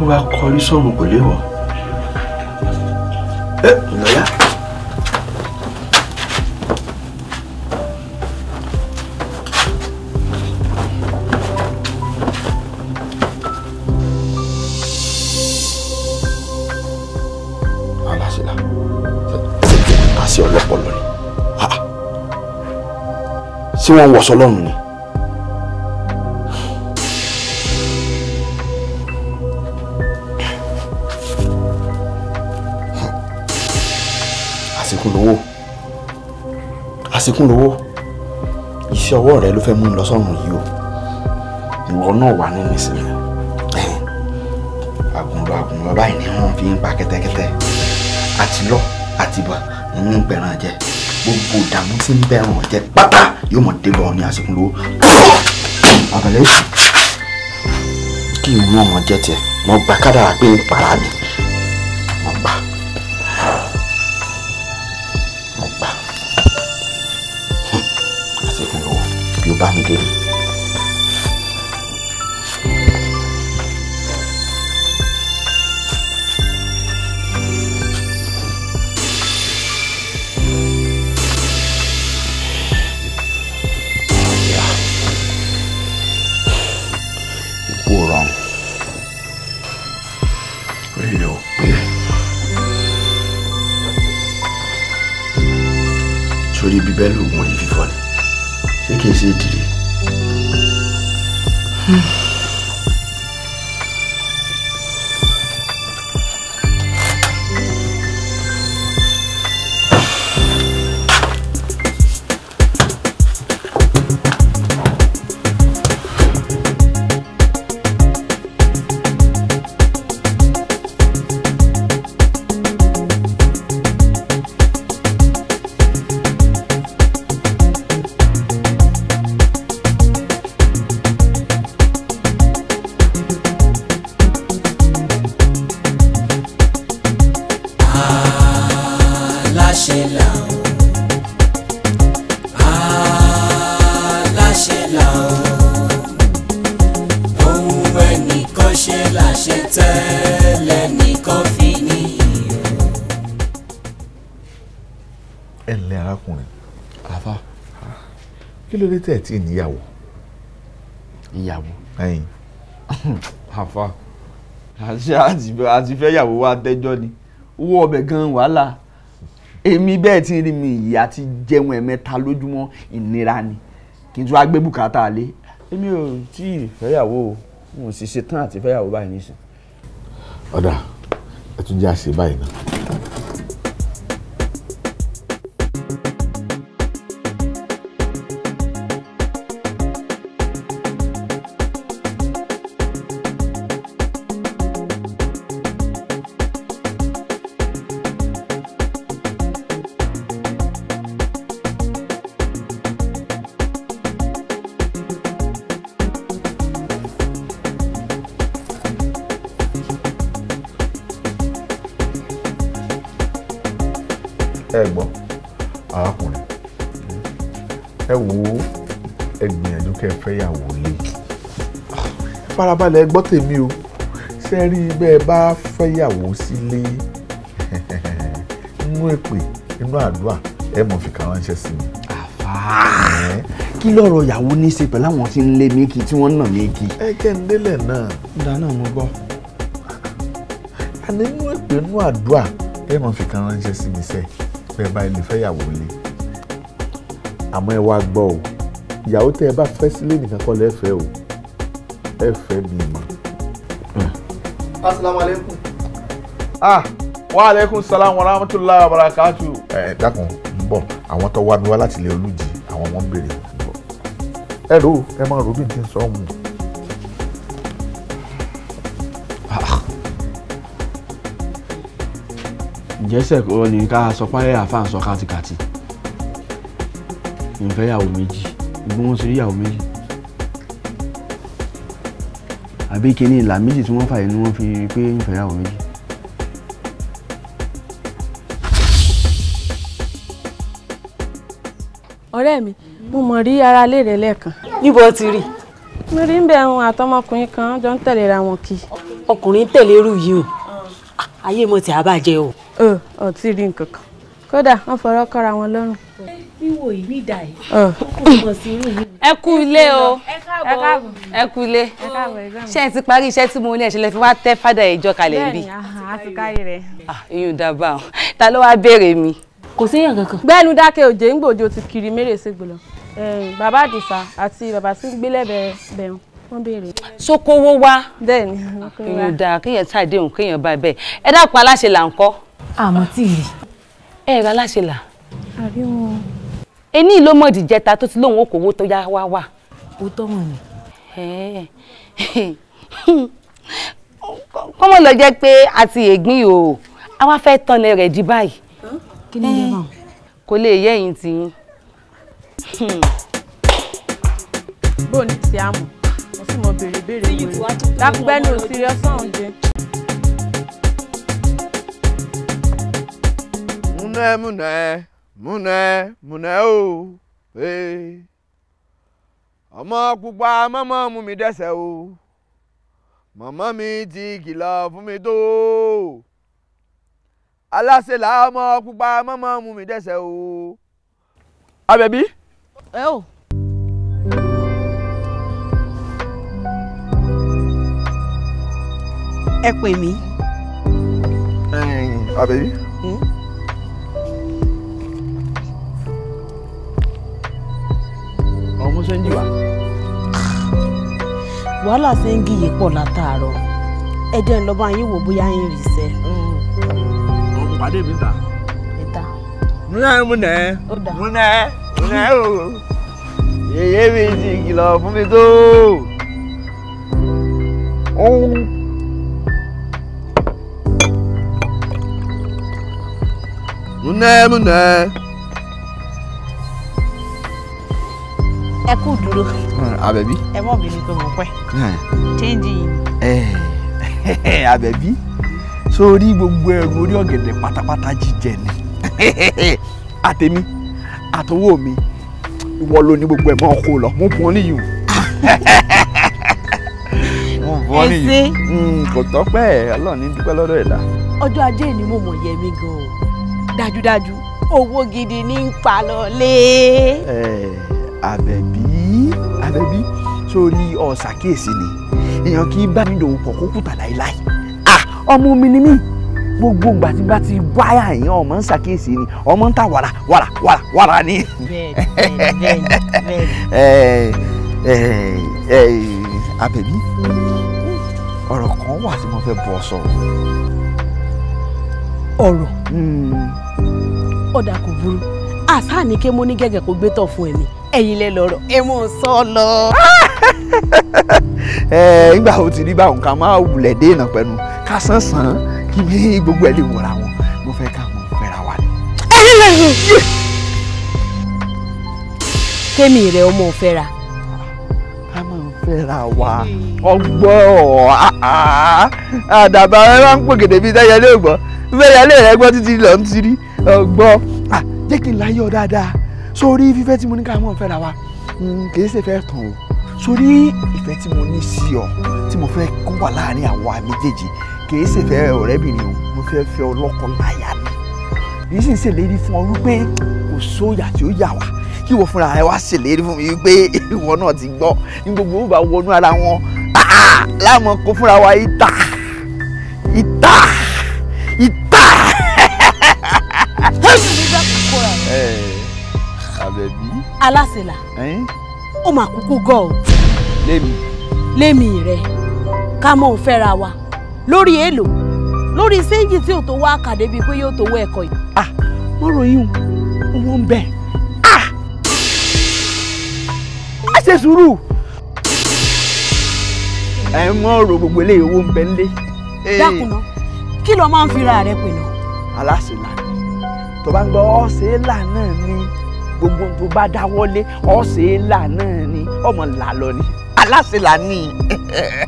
ó wá kọrí sọ́run kò léwọ̀. ẹ ǹlọ́yà. tí wọ́n ń wọṣọ lọ́rùn ni. àsìkò lówó àsìkò lówó iṣẹ́ ọwọ́ rẹ ló fẹ́ mú mi lọ sọ́run yìí o ìwọ náà wà nínú ìsinmi àgùnlọ àgùnlọ báyìí ni wọ́n fi ń pa kẹ́tẹ́kẹ́tẹ́ àti lọ àti bọ̀ ń pẹ̀ràn jẹ gbogbo ìdààmú tí ń bẹ̀rùn ọ̀jẹ̀ pátá yóò mọ̀ débọ̀ ní àsìkò lówó. àbẹ̀lẹ̀ kí ìwé ọmọ jẹ tiẹ̀ mo gbà kádàrá pé ń para mi mo bá mi dé. посетителей. tí ì níyàwó. ìyàwó. ẹyin. àfa àṣẹ àti fẹ́ yàwó wa tẹ́jọ́ ni owó ọbẹ̀ gan wàhálà èmi bẹ́ẹ̀ ti rí mi yìí àti jẹun ẹ̀mẹ́ta lójúmọ́ ìnira ni kí n tún wá gbé bùkátà lé. èmi ò tí ì fẹ́yàwó o mo sì ṣetán àti fẹ́yàwó báyìí nísìn. ọ̀dà ẹ tún jẹ́ àṣẹ báyìí náà. farabalẹ̀ gbọ́ tèmi o ṣe rí bẹ́ ẹ bá fẹ́yàwó sílé nínú èpè nínú àdúrà ẹ mọ̀ fi kà ránṣẹ́ sí mi. kí lọ́rọ̀ ìyàwó ní í ṣe pẹ̀lú àwọn tí ń lé mi kí tí wọ́n nà mí kí. ẹ jẹ́ ń délẹ̀ náà. dáná mo gbọ́. àní nínú èpè nínú àdúrà ẹ mọ̀ fi kà ránṣẹ́ sí mi sẹ́ bẹ́ẹ̀ bá ilé fẹ́yàwó lé àmọ́ ẹ wá gbọ́ o ìyàwó tẹ́ ẹ bá fẹ́ sílé nìkan kọ́ lẹ́fẹ̀ẹ́ o ẹ fẹ́ bí mi. asalaamualeykum. ah wa aleykum salaam wa rahmatulah wa barakatu. ẹ dákun ń bọ àwọn tó wá mi wá láti ilé olùjì àwọn ọmọ ń béèrè ẹ rò ẹ máa rò bí n ti sọ ọhún. jẹ́sẹ̀ kọ́ ni ká sọ pálẹ̀ àfáà sọ kátikàti ìfẹ́yàwó méjì ìgbóhùn sí ìyàwó méjì àbí kíní ìlà méjì tí wọ́n fàyè ni wọ́n fi rí pé ń fẹ́yàwó méjì. ọ̀rẹ́ mi mo mọ̀ rí aráalé rẹ̀ lẹ́ẹ̀kan. níbo ti rí. mi rí ń bẹ ẹ̀hún àtọmọkùnrin kan jọ ń tẹ̀lé ra wọn kì í. ọkùnrin tẹ̀lé irú yìí o ayé mo ti àbàjẹ́ o. ọ ọ ti rí nǹkan kan kódà wọ́n fọ̀rọ̀ kọ́ra wọn lọ́rùn wíwò yìí ní ìdá yìí ah. kókò sí irú yìí. ẹ kú ilé o ẹ kú ilé ṣé ẹ ti parí iṣẹ́ tí mo ní ẹ̀ṣẹ̀ lẹ fi wá tẹ́ fádà ìjọ kalẹ̀ níbí. bẹ́ẹ̀ni a ti káyé rẹ. iyùn ah, dábàá ta ló wáá béèrè mi. kò sí èèyàn kankan. gbẹ́nu dákẹ́ òjé ń gbòjò ti kiri mérè ségbò lọ bàbá àdìsá àti bàbá tí ń gbé lẹ́bẹ̀ẹ́ bẹ̀rùn wọ́n béèrè. sókòwò wá. bẹ́ẹ̀ni iyùn dáa kéèyàn ṣàdéhùn kéèyàn bá bẹ́ẹ̀ ẹ dákun aláṣẹ là ń kọ́. àmọ́ tí ì rí. ẹ rà aláṣẹ là. àrí wọn ẹni ló mọ̀ ìdìjẹta tó ti lóun ó kówó tó yá wá wà. ó tọ́mọ ni. kọ́mọ lọ jẹ́ pé a ti ègbín o a wá fẹ́ tán lẹ rẹ̀ di báyìí. kí ni ìyá náà. kò lè yẹ ẹ̀yìn tì í. bó ní ti àmọ̀ mo sì mọ béèrè béèrè wẹ̀rẹ̀ dákúgbẹ́ ní òsìrí ọ̀sán oúnjẹ. múnẹ́ múnẹ́. Mune, mune o, ee. Ọmọ pupa mọ́mọ́ mú mi dẹ́sẹ̀ o. Màmá mi ti kìlọ̀ fún mi tó. Aláṣẹlá ọmọ pupa mọ́mọ́ mú mi dẹ́sẹ̀ o. Abẹ̀bí. Ẹ o. Ẹ pè mí. Abẹ̀bí. mú sẹ́ńjì wá. wàhálà sẹ́ńgì yìí pọ̀ látàárọ̀ ẹ jẹ́ ń lọ bá yín wò bóyá yín rí sẹ́. ọkùn mm. pàdé mi ta. ìta. múnà múnà múnà múnà o yèyé mi ti kìlọ̀ fún mi tó. múnà múnà. ẹ kú dúró. Àbẹ̀bí. Ah, ẹ mọ̀ bínú pé mo pẹ́. Ah. change yìí. Àbẹ̀bí eh, sórí gbogbo ẹrù orí ọ̀gẹ̀dẹ̀ pátápátá jíjẹ ni àtẹ̀mí àtọwọ́ mi ìwọ ló ní gbogbo ẹ̀ mọ́ kó lọ mo bọ́ níyì mo bọ́ níyì hmm, kò tọ́pẹ́ ọlọ́run ní dúpẹ́ lọ́dọ̀ ẹ̀dá. ọjọ́ ajé ni mo mọ̀ yẹmi gan-an dájúdájú owó gidi ní ń pa lọ́lé. ẹ̀ẹ́ eh àbẹ̀bí àbẹ̀bí sórí ọ̀sàkíyèsí ni èèyàn kì í bá mi dòwò pọ̀ kó kùtà láéláé ọmọ mi ni mí gbogbo ìgbà tí bá ti báyà yẹn ọmọ ń ṣàkíyèsí ni ọmọ ń ta wàrà wàrà wàrà wàrà ni. àbẹ̀bí eh, eh, eh, ọ̀rọ̀ kan wà tí mo fẹ́ bọ̀ sọ̀rọ̀. ọ̀rọ̀ hmm. ọ̀dà kò burú àṣà ni kí mo ní gẹ́gẹ́ kó gbé tọ̀ fún ẹ ni ẹ̀yin lẹ lọ́rọ̀ ẹ mọ̀ sọ lọ. ẹ nígbà wo ti rí báwọn ká máa wulẹ̀ dé ìnà pẹ̀lú ká sàn sàn kí bí gbogbo ẹ lè wọra wọn mo fẹ́ ká mọ̀ fẹ́ra wa ni. kémi rẹ ọmọ ò fẹ́ra. ká máa ń fẹ́ra wa ọgbọ́n àdàbà ẹ máa ń pòkèdè bíi dáyẹlé ògbọ́n bẹ́ẹ̀ yẹlé rẹ gbọ́ títí lọ́n ti rí ọgbọ́n jẹ́ kí n láyọ̀ dáadáa sórí fífẹ́ tí mo ní ká mọ̀ fẹ́ra wa mm, kì í ṣe fẹ́ tán o sórí ìfẹ́ tí mo ní sí ọ tí mo fẹ́ kó wà láàrin àwa méjèèjì kì í ṣe fẹ́ ọ̀rẹ́bìnrin o mo fẹ́ fẹ́ ọlọ́kọ láyà mi èyí sì ń ṣèlérí fún ọ wípé kò sóyà tí ó yà wá kí wọ́n fúnra ẹ wá ṣèlérí fún mi wípé ìwọ náà ti gbọ́ ní gbogbo ó bá wọnú ara wọn láwọn kó fúnra wa ìta ìta ìta. ẹ ẹ. alásèlà ó mà kúkú gọ̀ lémi. rẹ ká mọ òun fẹ́ra wa lórí èèlò lórí séńjì tí ò tó wá kàdé bíi pé yóò tó wọ ẹ̀kọ́ yìí. ah mo ròyìn ah ṣe sùúrù ẹ gbogbo eléyìí owó ń bẹ nílé. Eh. kí ló máa ń rẹ ni. gbogbo tó bá dáwọ́lé ọ̀sẹ̀ ńlá náà ni ọmọ ńlá lọ ni aláṣẹlá ni.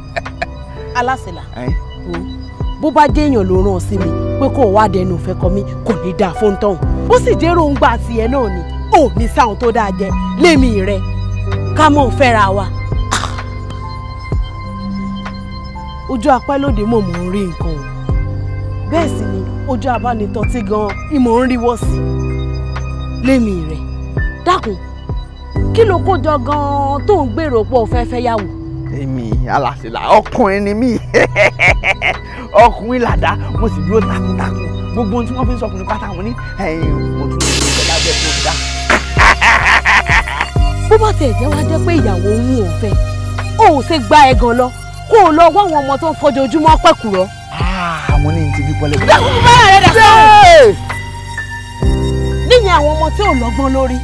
aláṣẹlá bó bá jẹ́ èèyàn ló rán ọ sí mi pé kó o wá dẹnu ìfẹ́ kọ mí kò ní dáa fóun tán ó sì jẹ́ ròǹgbà tiẹ̀ náà ni ò ní sáwọn tó dáa jẹ lémi rẹ ká mọ̀ fẹ́ra wa. Ah. ojú apá lóde mò ń rí nǹkan o bẹ́ẹ̀ sì ni ojú abánitọ́ tí gan-an ìmọ̀ ń ríwọ́ sí lémi rẹ̀ dákun kí ló kó jọ gan-an tó ń gbèrò pọ̀ fẹ́fẹ́ yàwó. èmi alásìlá ọkùnrin ni mí ọkùnrin làdá mo sì dúró takuntakun gbogbo ohun tí wọ́n fi ń sọkùnrin pátá wọn ní ẹ̀yìn mo tún lè lọ lábẹ́ tó dá. bó bá tẹ̀ jẹ́ wá jẹ́ pé ìyàwó òun ò fẹ́ o ò ṣe gba ẹ̀gàn lọ kó o lọ wá àwọn ọmọ tó ń fọjoojúmọ́ pẹ̀kùrọ́. àwọn ah, ní ti bí pọ́lẹ́ bí. dákun bá rẹ̀ dà sọ́ọ̀ níyẹn àwọn ọmọ tí ò lọ́gbọ́n lórí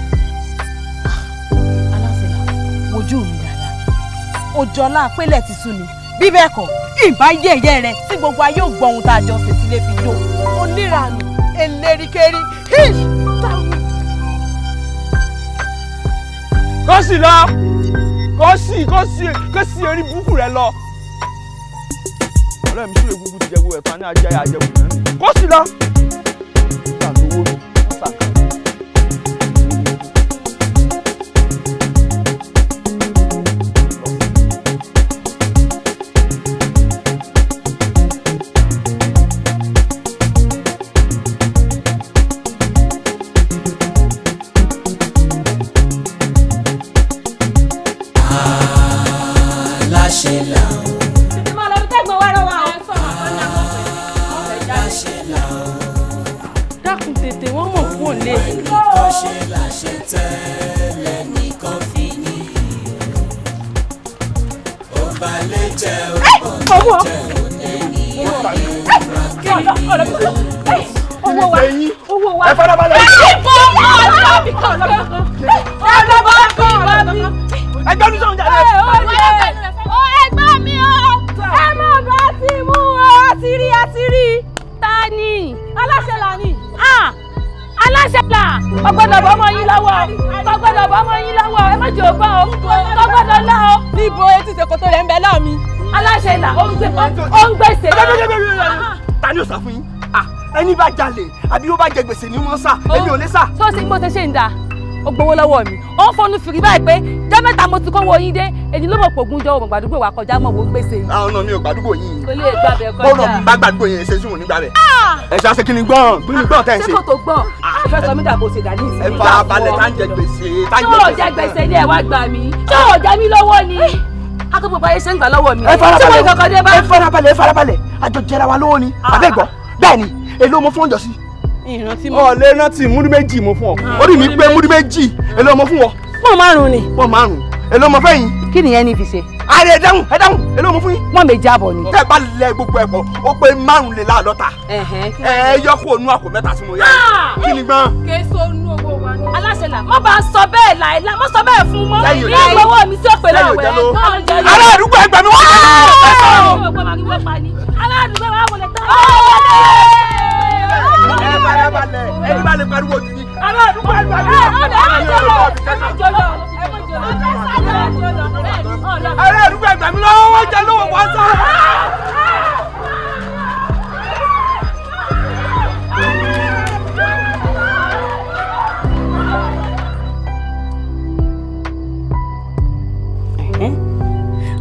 ojú mi dáadáa ó jọlá pélẹ̀ ti sú ni bí bẹ́ẹ̀ kọ́ ìbá yẹ̀yẹ́ rẹ tí gbogbo ayé ò gbọ́ ohun tá a jọ ṣe sílé fi jó oníranù eléríkérí híì táwọn. kó sì lọ kó sì kó sì kó sì orí burúkú rẹ lọ ọ̀rẹ́ mi sílẹ̀ gbogbo ti jẹ́ gbogbo ẹ̀fà ní ajá yà jẹ́ gbogbo kó sì lọ. tẹ́ni bá jalè àbí ó bá jẹ gbèsè ní mọ́ sá oh, èmi ò lè sá. tó ṣe mo ṣe ṣe ń da ó gbowó lọ́wọ́ mi ó ń fọnú fìrí báyìí pé jẹ́ mẹ́ta mo ti kọ́wọ́ yín dé èyí ló mọ̀ pé ògùn jọ òmò gbàdúgbò wa kọjá mọ̀ wò gbèsè yìí. àwọn ọ̀nà mi ò gbàdúgbò yìí. kò lè gbà bẹ̀ kọjá. bọ́ọ̀nà mi bá gbàdúgbò yẹn ṣe sùn nígbà rẹ̀. Ah! ẹ ṣe àṣekí ni gbọ́n gbìyànjú gbọ́n tẹ̀ ń ah, ṣe. ṣé kò tó gbọ́n ó ah! fẹ́ sọ mí dàbò ṣe dà ní ìsinmi. ẹ fara balẹ̀ tá ń jẹ gbèsè tá ń jẹ gbèsè. tí wọ́n jẹ gbèsè ni ẹ wá gbà mí tí wọ́n jẹ mí lọ́wọ́ ni akọ́gbọ́ bá yẹ ṣe ń ẹ farabalẹ̀ ẹ ẹ farabalẹ̀ àjọ jẹra wa lọ́wọ́ ni àbẹ́gbọ́ bẹ́ẹ̀ ni èló mo fún ọjọ́ sí. ìrántí mọ́. ọ̀lẹ́ rántí múdí méjì mo fún ọ. ó ah, rí mi pé múdí méjì èló mo fún ọ. pọ́n márùn ni. pọ́n márùn èló mo fẹ́ yín. kí nìyẹn ní fi ṣe. ààrẹ ẹ dáhùn ẹ dáhùn èló mo fún yín. wọ́n mi jábọ̀ ni. tẹ́ ẹ bá lẹ gbogbo ẹ̀ pọ̀ ó pé márùn lè láàlọ́ta. ẹ yọ kó onú àpò mẹ́ta sí mo yá. Ah! kí ni gan. késo nú owó wa ni. aláṣẹ là má bá sọ bẹ́ẹ̀ láìlá má sọ bẹ́ẹ̀ fún mọ́. ní ìgbowó mi sí òpè láwẹ̀. ará àdúgbò ẹgbẹ́ mi wọ́n. ará àdúgbò wa wọlé tán fara balẹ̀ ẹni bá lè pariwo jù ní. ará àdúgbò àgbà mi ará àdúgbò àgbà mi lọ́wọ́ jẹ́ lọ́wọ́ wọ́n sá.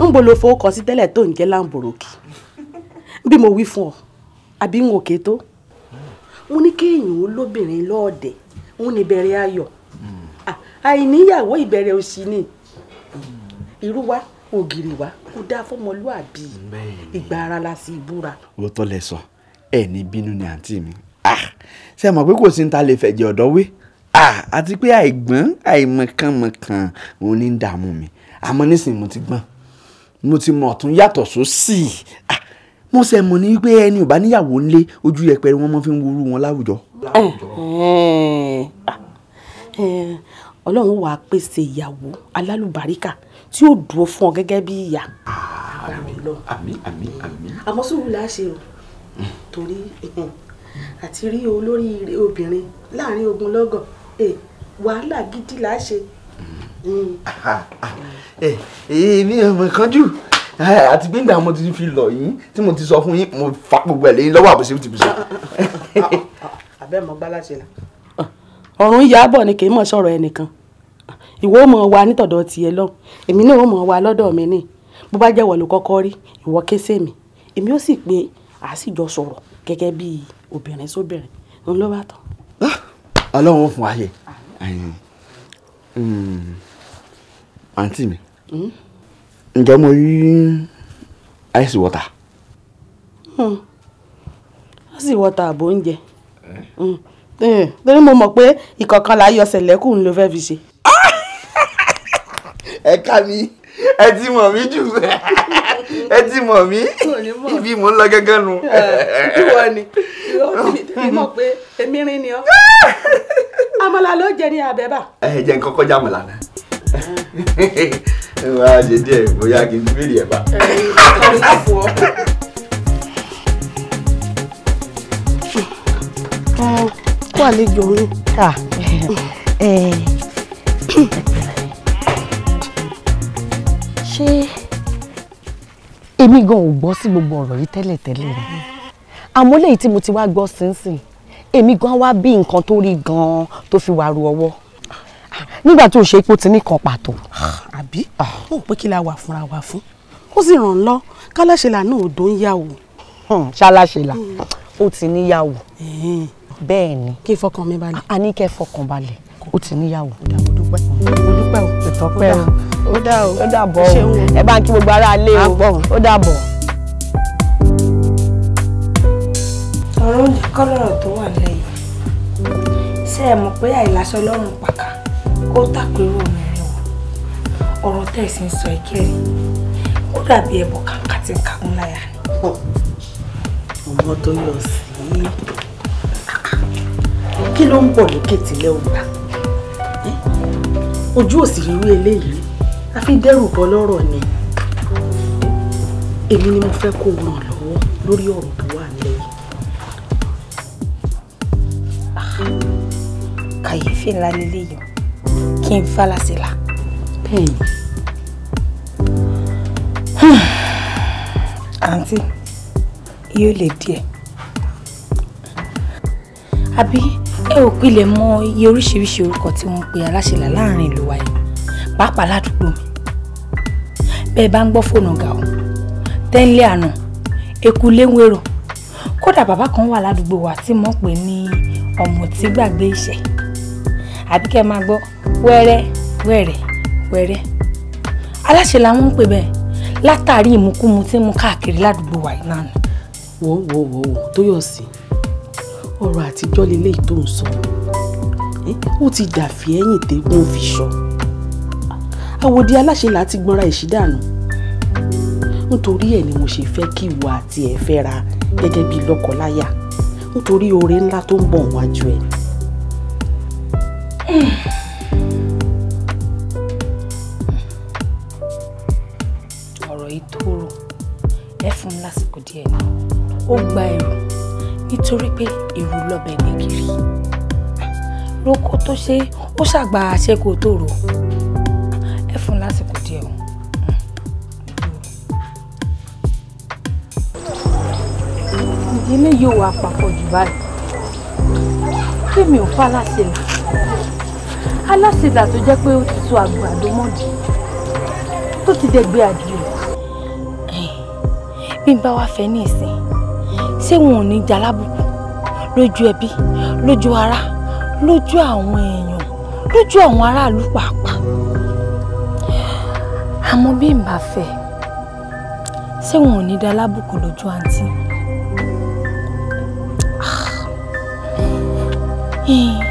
níbo ló fowó kọ sí tẹ́lẹ̀ tó ń jẹ́ láǹbòròkì bí mo wí fún ọ àbí n ò ké wọ́n ní kéèyàn ó lóbìnrin lọ́ọ̀dẹ̀ wọ́n ní ìbẹ̀rẹ̀ ayọ̀ àìníyàwó ìbẹ̀rẹ̀ òṣì ni irú wa ògiri wa kò dáa fọmọlúàbí ìgbà ara la sì búra. òótọ́ lẹ sọ ẹ ní bínú ni àǹtí mi ṣé ẹ mọ̀ pé kò sí ní ta lè fẹ̀jẹ̀ ọ̀dọ́ wé àti pé àìgbọ́n àìmọ̀kànmọ̀kàn òun ní ń dààmú mi àmọ́ nísìnyí mo ti gbọ́n mo ti mọ̀ ọ̀tún yàtọ̀ sósì. So si. ah, mo ṣe mọ̀ ní pé ẹni ò bá níyàwó ńlé ojú yẹpẹrẹ wọn mọ́ fi ń wúrú wọn láwùjọ. ọlọ́run wàá pèsè ìyàwó alálùbáríkà tí yóò dúró fún ọ gẹ́gẹ́ bí ìyá. àmín àmín àmín. àmọ́ sùúrù la ṣe o torí àti rí olórí obìnrin láàrin ogun lọ́gàn wàhálà gidi la ṣe. èmi ò mọ̀ kánjú àti pé nígbà mo ti fi lọ yín tí mo ti sọ fún yín mo fa gbogbo ẹ̀ lẹ́yìn lọ́wọ́ àbòsí ti bùsùn. mọ gbálá ṣe là. ọ̀run yà á ni kì í mọ̀ sọ̀rọ̀ ẹnìkan ìwọ ò mọ̀ wá nítọ̀dọ̀ lọ èmi náà ò mọ̀ wá mi ní bó bá jẹ́ wọ̀lú kọ́kọ́ rí ìwọ ké sí mi èmi ó sì pé a sì jọ sọ̀rọ̀ obìnrin sóbìnrin òun ló bá tán. Ah! ọlọ́run fún wa hmm. Hmm. àǹtí mi. Hmm? ǹjẹ́ mo rí ice water. Hmm. ice water àbò oúnjẹ eh. Hmm. Eh, torí mo mọ̀ pé ìkọ̀kan là á yọ sẹ̀lẹ́kùn ló fẹ́ fi ṣe. ẹ ká mi ẹ ti mọ̀ mí jù ẹ ti mọ̀ mí ibi mò ń lọ gángan nu. Eh, ìwọ ni ìwọ ni tèmi mọ̀ pé èmi rìn ni ọ́ àmàlà ló jẹ ní àbẹ́bà. ẹ jẹ́ n kọ́kọ́ jẹ́ náà ẹ máa ṣe díẹ̀ bóyá kí n bèrè ẹ̀ bá. kó àlejò mi. ṣé èmi gan ò gbọ́ sí gbogbo ọ̀rọ̀ yìí tẹ́lẹ̀tẹ́lẹ̀ rẹ̀ àmọ́ lẹ́yìn tí mo ti wá gbọ́ sínsìn èmi gan wá bí nǹkan tó rí gan-an tó fi wá ru ọwọ́ nígbà tó ṣe ipò tí nìkan pàtó. Ah. àbí ah. ó pé kí la wà fúnra wa fún ó sì ràn lọ kálàṣẹlà náà odò ń yà wò. Hmm, ṣálàṣẹlà hmm. ó ti níyàwó bẹ́ẹ̀ ni kí fọkàn mi balẹ̀ a ní kẹ́ fọkàn balẹ̀ ó ti níyàwó. ó dà mo dúpẹ́ mo dúpẹ́ o ìtọ́pẹ́ o ó dà o ó dà bọ̀ o ẹ bá ń kí gbogbo ara lé o ó dà ọ̀rọ̀ oúnjẹ kọ́lọ́rọ̀ tó wà lẹ́yìn ṣé ẹ mọ̀ pé àìláṣọ lọ́rùn pàkà ó tàpérò mi ni o ọ̀rọ̀ tẹ́ ẹ̀ sì ń sọ ìkẹrì ó dàbí ẹbọ kàǹkà tí ń kàkún láyà ni. ọmọ tó yọ sí kí ló ń bọ̀ lókè tílẹ̀ ògbà ojú òsì rírú eléyìí a fi dẹ́rù bọ́ lọ́rọ̀ ni èmi ni mo fẹ́ kó ràn lọ́wọ́ lórí ọ̀rọ̀ tó wà nílẹ̀ yìí. Ah, kàyéfì ńlá lélẹ́yìí kí n falàsílà. bẹ́ẹ̀ni. àǹtí yóò lè díẹ̀ àbí ẹ ò pilẹ̀ mọ iye oríṣiríṣi orúkọ tí wọ́n ń pe aláṣẹlà láàrin ìlú wa yìí pàápàá ládùúgbò mi bẹ́ẹ̀ bá ń gbọ́ fóònù ga o tẹ́ńlẹ̀ àná eku léwérò kódà bàbá kan wà ládùúgbò wa tí mo pè ní ọmọ tí gbàgbé ìṣẹ́ àbí kẹ́ máa gbọ́ wẹ́rẹ́ wẹ́rẹ́ wẹ́rẹ́ aláṣẹ làwọn ń pè bẹ́ẹ̀ látàrí ìmukúmu tí mo káàkiri ládùúgbò wa yìí náà. wo wo wo Tóyọ̀sí ọ̀rọ̀ àtijọ́ lélẹ́yìí tó ń sọ ó ti dàfí ẹ̀yìn tẹ́gùn fi sọ àwòdì aláṣẹ là á ti gbọ́nra ìṣídàánú nítorí ẹ̀ ni mo ṣe fẹ́ kí ìwọ àti ẹ̀ fẹ́ra gẹ́gẹ́ bíi lọ́kọláya nítorí oore ńlá tó ń bọ̀ wájú ẹ̀ ọ̀rọ̀ yìí tóóró ẹ fún un lásìkò díẹ̀ ni ó gba ẹ̀rù nítorí pé èrò lọ́bẹ̀ gbẹ̀gìrì roko tó ṣe ó ṣàgbà àṣekò tóóró ẹ fún un lásìkò díẹ̀ o. ìdílé yóò wá papọ̀ jù báyìí kí mi ò fà láṣẹ là alásìdá tó jẹ́ pé ó ti so àgbàdo mọ́dì tó ti dẹgbẹ́ adìẹ. bí n bá wá fẹ́ ní ìsìn ṣé wọn ò ní í jalábùkù lójú ẹbí lójú ará lójú àwọn èèyàn lójú àwọn aráàlú pàápàá àmọ́ bí n bá fẹ́ ṣé wọn ò ní í dalábùkù lójú àǹtí. 嗯。Ah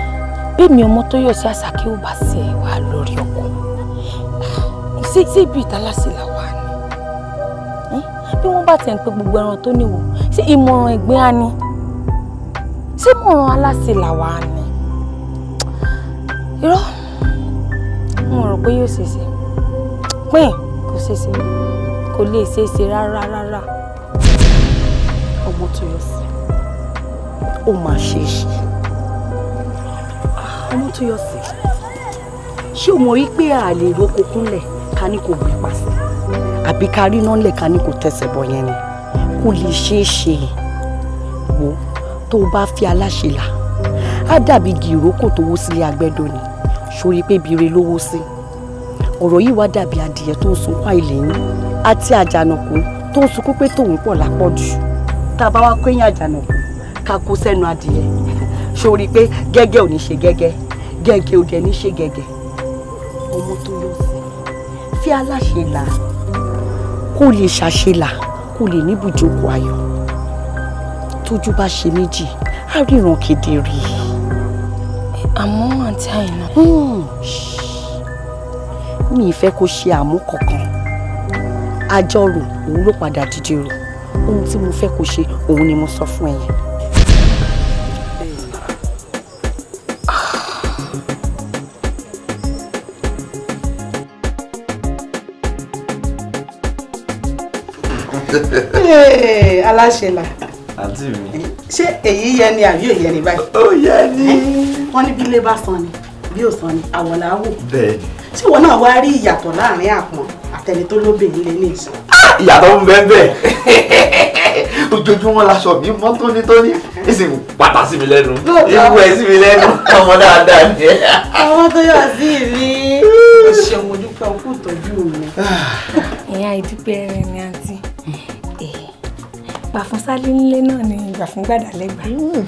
bẹ́ẹ̀mi ọmọ tó yọ̀ sí àṣàkí ò bá sí ẹ̀ wá lórí ọkọ̀ sí sí ibi ìtàlásì là wà ní bí wọ́n bá tẹ̀ ń pe gbogbo ẹran tó níwò sí ìmọ̀ràn ẹ̀gbẹ́ á ní sí ìmọ̀ràn aláṣẹ là wà ní irọ́ mo rò pé yóò ṣèṣe pín kò ṣèṣe kò lè ṣèṣe rárá rárá ọmọ tó yọ sí ó máa ṣèṣe. Anítòyọ̀sí ṣé o mọ̀ rí pé a lè roko kúnlẹ̀ ká ní kò gbé pàṣẹ àbí ká rí iná ńlẹ̀ ká ní kò tẹ̀sẹ̀ bọ̀ yẹn ni kó lè ṣeé ṣe wo tó o bá fi aláṣẹ là á dàbí gìrókò tó wó sílé agbẹ́dọ̀ ni sórí pé bire ló sí ọ̀rọ̀ yìí wá dàbí adìyẹ tó ń sunkún àìlẹ́yìn àti àjànàkú tó ń sunkún pé tòun pọ̀ lápọ̀jù tá a bá wá kó eyín àjànàkú ká kó sẹ́nu adìyẹ sórí pé gẹ́gẹ́ ò ní ṣe gẹ́gẹ́ gẹ́gẹ́ ò dẹ̀ ní ṣe gẹ́gẹ́ ọmọ tó yọ sí fi aláṣẹ là kó lè ṣàṣelà kó lè níbùjókòó ayọ̀ tójú bá ṣe méjì á ríran kedere. àmọ́ àǹtí àyìnà. Hmm, mi ì fẹ́ kó ṣe àmú kankan àjọrò òun ló padà dìde rò ohun tí mo fẹ́ kó ṣe òun ni mo sọ fún ẹ yẹn. aláṣẹlà àǹtí mi. ṣé èyí yẹ ni àbí ò yẹ ni báyìí. ó yẹ ni. wọ́n ní bí ilé bá san ni bí ò san ni àwọ̀ là á wò. bẹ́ẹ̀. ṣé ìwọ náà wá rí ìyàtọ̀ láàrin àpọ̀n àtẹni tó lóbìnrin lé ní ìsan. ìyàtọ̀ ń bẹ́ẹ̀ bẹ́ẹ̀ ojoojúmọ́ laṣọ mi mọ́ tónítóní ẹ sì pàtà sí mi lẹ́nu ìwú ẹ sí mi lẹ́nu ọmọ dáadáa ni. ọmọ tó yọ sí mi. o ṣeun ojú pé o kò tọ́jú mi. ìyá ìdúpẹ́ rẹ̀ ni àǹtí ìgbà fún sálé nílé náà ni ìgbà fún gbàdá lẹ́gbà mm.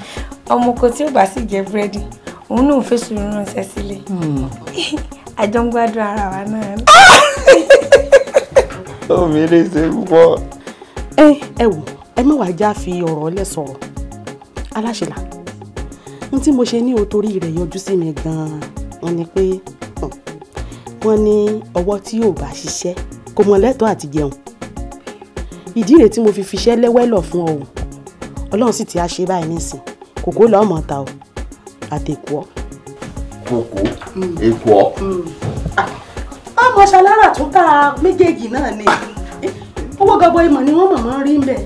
ọmọ kò tí ò bá sì jẹ búrẹ́dì òun náà fẹ́ sùúrù ránṣẹ́ sílé àjọ mm. ń gbádùn ara wa náà. omi lè ṣe púpọ̀. ẹ ẹ wò ẹ má wàá já fi ọ̀rọ̀ lẹ̀ sọ̀rọ̀ aláṣẹlá n tí mo ṣe ní o torí rẹ̀ yọjú sí mi gan-an wọn ni pé wọ́n ní ọwọ́ tí yóò bá ṣiṣẹ́ kò mọ̀ lẹ́tọ̀ọ́ àti jẹun ìdí rèé tí mo fi fiṣẹ́ lẹ́wẹ́lọ̀ fún ọ o ọlọ́run sì ti á ṣe báyìí nísìn kòkó lọ́ọ́ mọ̀ ta o àtẹ̀kọ́. kòkó mm. èkó. Mm. Ah, ọmọ ṣalára tún ká méjèèjì náà ni owó gọbọ ìmọ̀ ni wọ́n mọ̀mọ́ rí ń bẹ̀.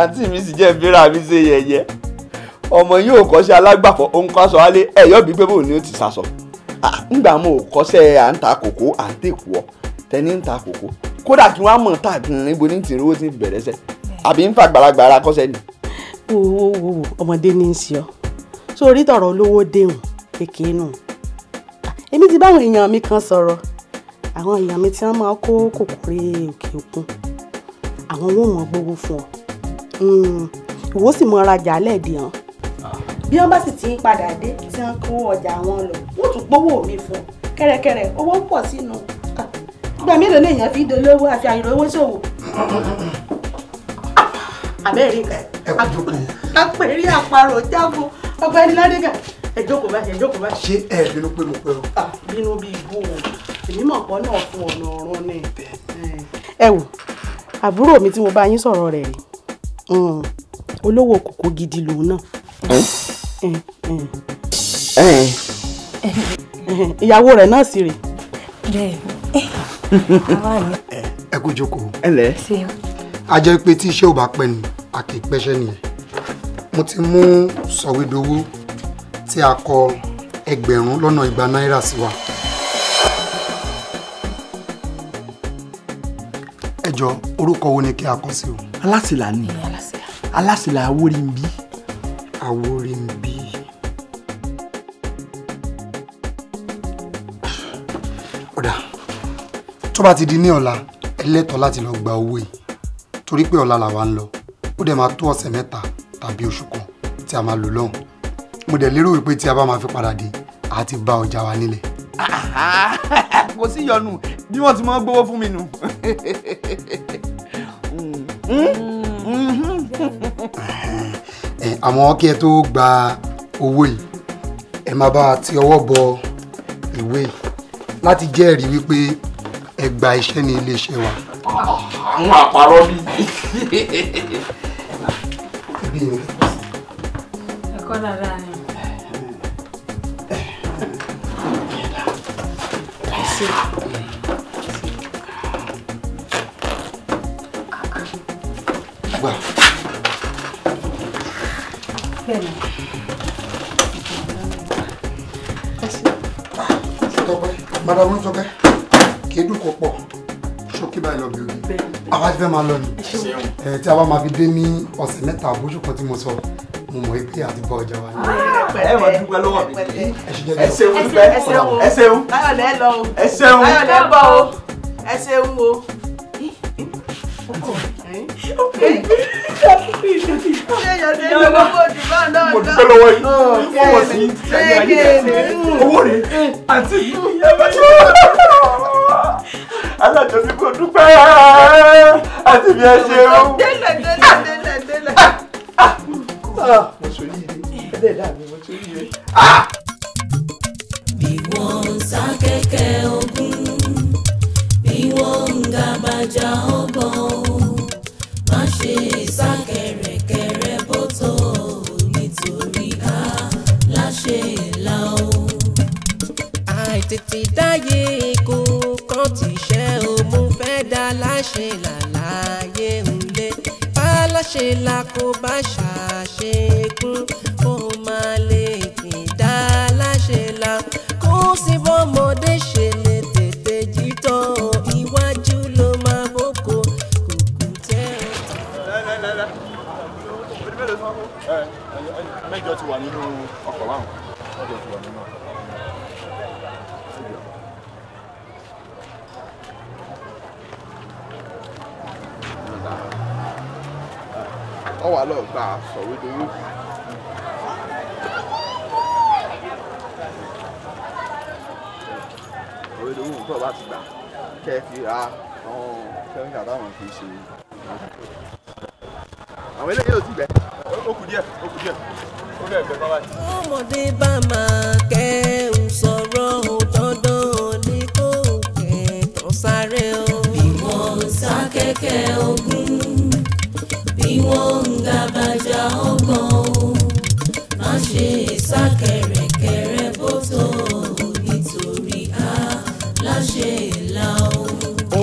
àǹtí mi sì jẹ́ ìbíra mi ṣe yẹ̀yẹ́ ọmọ yìí ò kọ́ṣẹ́ alágbàfọ̀ òun kọ́ aṣọ alẹ́ ẹ̀yọ́ bíi pé bóun ni ó ti sàṣọ nígbà ah, mo kọ́ṣẹ́ à ń ta kòkó à ń tèkú ọ tẹni ń ta kòkó kódà kí wọ́n á mọ̀ tà gan-an ibo ní tìrì owó ti bẹ̀rẹ̀ sẹ̀ àbí ń fa gbàràgbàrà kọ́sẹ́ ni. wo wo wo ọmọdé ní í ṣe ọ sórí tọrọ olówó déhùn kékeré nù èmi ti báwọn èèyàn mi kan sọ̀rọ̀ àwọn èèyàn mi tí wọ́n máa kó kòkòrò òkè òkun àwọn wọn mọ gbogbo fún ọ hmm, ìwọ sì mọ rajà lẹ́ẹ̀dì hàn ah. bí wọ́n bá sì ti ń padà dé tí wọ́n kó ọjà wọn lọ wọ́n tún gbówó mi fún kẹ́rẹ́kẹ́rẹ́ owó pọ̀ sínú gbà mélòó lèèyàn fi dolówó àti àyìnrò owó ṣòwò. àbẹ́rẹ́ ká àpèrí àparò jágo ọ̀gbẹ́ni ládégà ẹ jókòó báyìí ẹ jókòó báyìí. ṣé ẹ bínú pé mo pẹ́ o. Ah, bínú bíi ibú o èmi mọ̀ pọ́ náà fún ọ̀nà ọ̀run ni. ẹ wò àbúrò mi tí mo bá yín sọ̀rọ̀ rẹ̀ hmm. olówó kòkó gidi lòun náà. ìyàwó rẹ̀ náà sì rè. bẹ́ẹ̀ Eh, eh, ẹ kú jókòó. ẹ lẹ. a jẹ́ pé tí iṣẹ́ ò bá pẹ́ ni a kì í pẹ́ṣẹ́ nìyẹn mo ti mú sọ̀wédowó tí a kọ ẹgbẹ̀rún lọ́nà igba náírà sí wa. ẹ jọ orúkọ wo ni kí a kọ sí o. alásìlá ni alásìlá awórìnbí. awórìnbí. tó bá ti di ní ọ̀la ẹlẹ́tọ̀ọ́ láti lọ gba owó yìí torí pé ọ̀la làwa ń lọ ó dẹ̀ máa tó ọ̀sẹ̀ mẹ́ta tàbí oṣù kan tí a máa lò lọ́hùn mo dẹ̀ lérò wípé tí a bá máa fi padà dé a ti bá ọjà wa nílẹ̀. kò sí ìyọnu bí wọ́n ti máa gbowó fún mi nù. àmọ́ kí ẹ tó gba owó yìí ẹ máa bá ti ọwọ́ bọ ìwé láti jẹ́rìí wípé ẹ gba iṣẹ́ ní iléeṣẹ́ wa. àwọn àpárọ̀ bí. ẹ̀kọ́ dáadáa ni. Gbà. Bẹ́ẹ̀ni. Tọ́pẹ́, Madamu Tọ́pẹ́ kì í dùn ṣókí báyìí lọ bí omi àwa ti fẹ́ máa lọ ni ẹ tí a bá máa fi dé ní ọ̀sẹ̀ mẹ́ta àbójú kan tí mo sọ mo mọ̀ pé àti bọ ọjà wa ni. Ah, ẹ wà dúpẹ́ lọ́wọ́ mi ẹ ṣeun dúpẹ́ ẹ ṣeun láyọ̀lẹ́ lọ o ẹ ṣeun láyọ̀lẹ́ bọ̀ o ẹ ṣeun o. mo dúpẹ́ lọ́wọ́ yìí oh, mo wọ̀ sí ẹ̀yìn ayé owó rẹ̀ àti ìyá bá ṣe wọ́n alájọsí kò dúpẹ́ àti bí ẹ ṣe ń. Ah, délẹ̀ délẹ̀ délẹ̀ délẹ̀. Ah, ah. mo sọ yìí ẹlẹ́dà mi mo sọ yìí. bí wọ́n ń sá kẹ̀kẹ́ ogun bí wọ́n ń gabaja ọgbọ́n má ṣe sá bọ́tọ̀ nítorí a láṣẹ ìlà o. àìtètè dáyé ṣe làlàyé ńlẹ̀ fàlàṣe la kò bá ṣàṣekún kó máa lè gbìn dá láṣẹ kó sì bọ́mọdé ṣe lè tètè jí iwájú ló máa bókò kòkò tẹ́ ọ. ti wà nínú ọkọ̀ báwọn mẹ́jọ ti wà nínú ọkọ̀. wà lọ gba sọ̀wédowó. sọ̀wédowó tó o bá ti gbà kẹ́ ẹ fi ra àwọn kẹ́míkà táwọn fi ṣe. àwọn eléyìí ò ti gbẹ ó kù díẹ̀ ó kù díẹ̀ ó bẹ̀ gbẹ bábà. ọmọdé bá máa kẹ́ ń sọ̀rọ̀ òtọ́dọ̀ ní kò kẹ́ tó o. bí wọ́n ogun ni wọ́n ń gàbàjà ọgbọ̀n o má ṣe a láṣẹ ìlà o.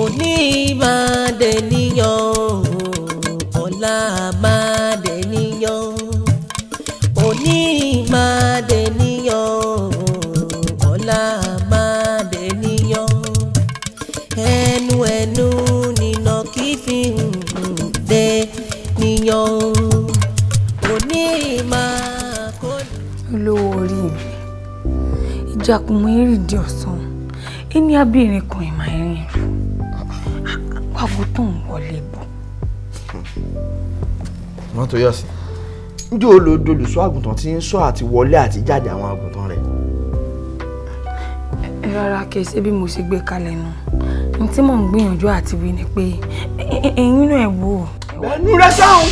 òní máa dẹ̀ níyàn ọ̀la máa. jẹ́ àpòmọ́ eré di ọ̀sán ẹni abìnrin kan ìmọ̀ ẹ̀rín rò pàbó tó ń wọlé bọ̀. wọ́n tó yọ̀ sí. njẹ́ o lo dolùsọ àgùntàn tí ń sọ àti wọlé àti jáde àwọn àgùntàn rẹ̀. ẹ eh, rárá kí ẹ ṣe bí mo ṣe gbé kalẹ̀ nù n tí mò ń gbìyànjú àti wí ni pé ẹ̀yin náà ẹ̀ wò. bẹ́ẹ̀ nu e rẹ sáhùn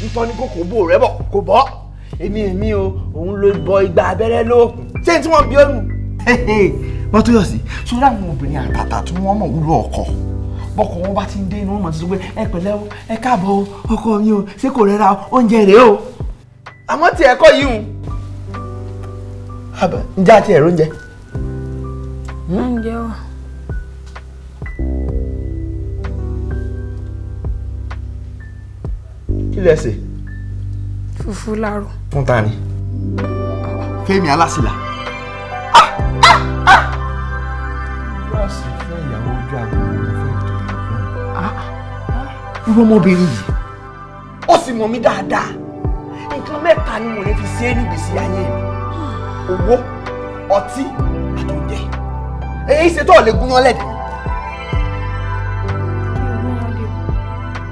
nítorí kò kò bò rẹ bọ̀ kò bọ́ èmi èmi o òun ló bọ igba abẹ́rẹ́ lóòkùn ṣé tí wọ́n bí ó nù. wọ́n tó yọ̀ sí sórí àwọn obìnrin àtàtà tí wọ́n mọ̀ wúlò ọkọ̀ bọ́kọ wọn bá ti ń dé inú wọn mọ̀ sí pé ẹ pẹ̀lẹ́ o ẹ káàbọ̀ o ọkọ mi o ṣé kò rẹ́ra oúnjẹ rèé o àmọ́ tí ẹ̀kọ́ yìí hùn àbẹ̀ ǹjẹ́ àti ẹ̀rọ oúnjẹ. oúnjẹ wà. kí lẹ ṣe. fùfú láàrọ̀ fún ta ni. Fẹ́mi Alásìlà. bọ́ọ̀sì fún ìyàwó ojú àgbọ̀n ló fẹ́ tó irú ọmọbìnrin yìí ó sì mọ̀ mí dáadáa nǹkan mẹ́ta ni mo lè fi ṣe é níbi sí ayé mi owó ọtí àti oúnjẹ èyí ṣe tó lè gún yán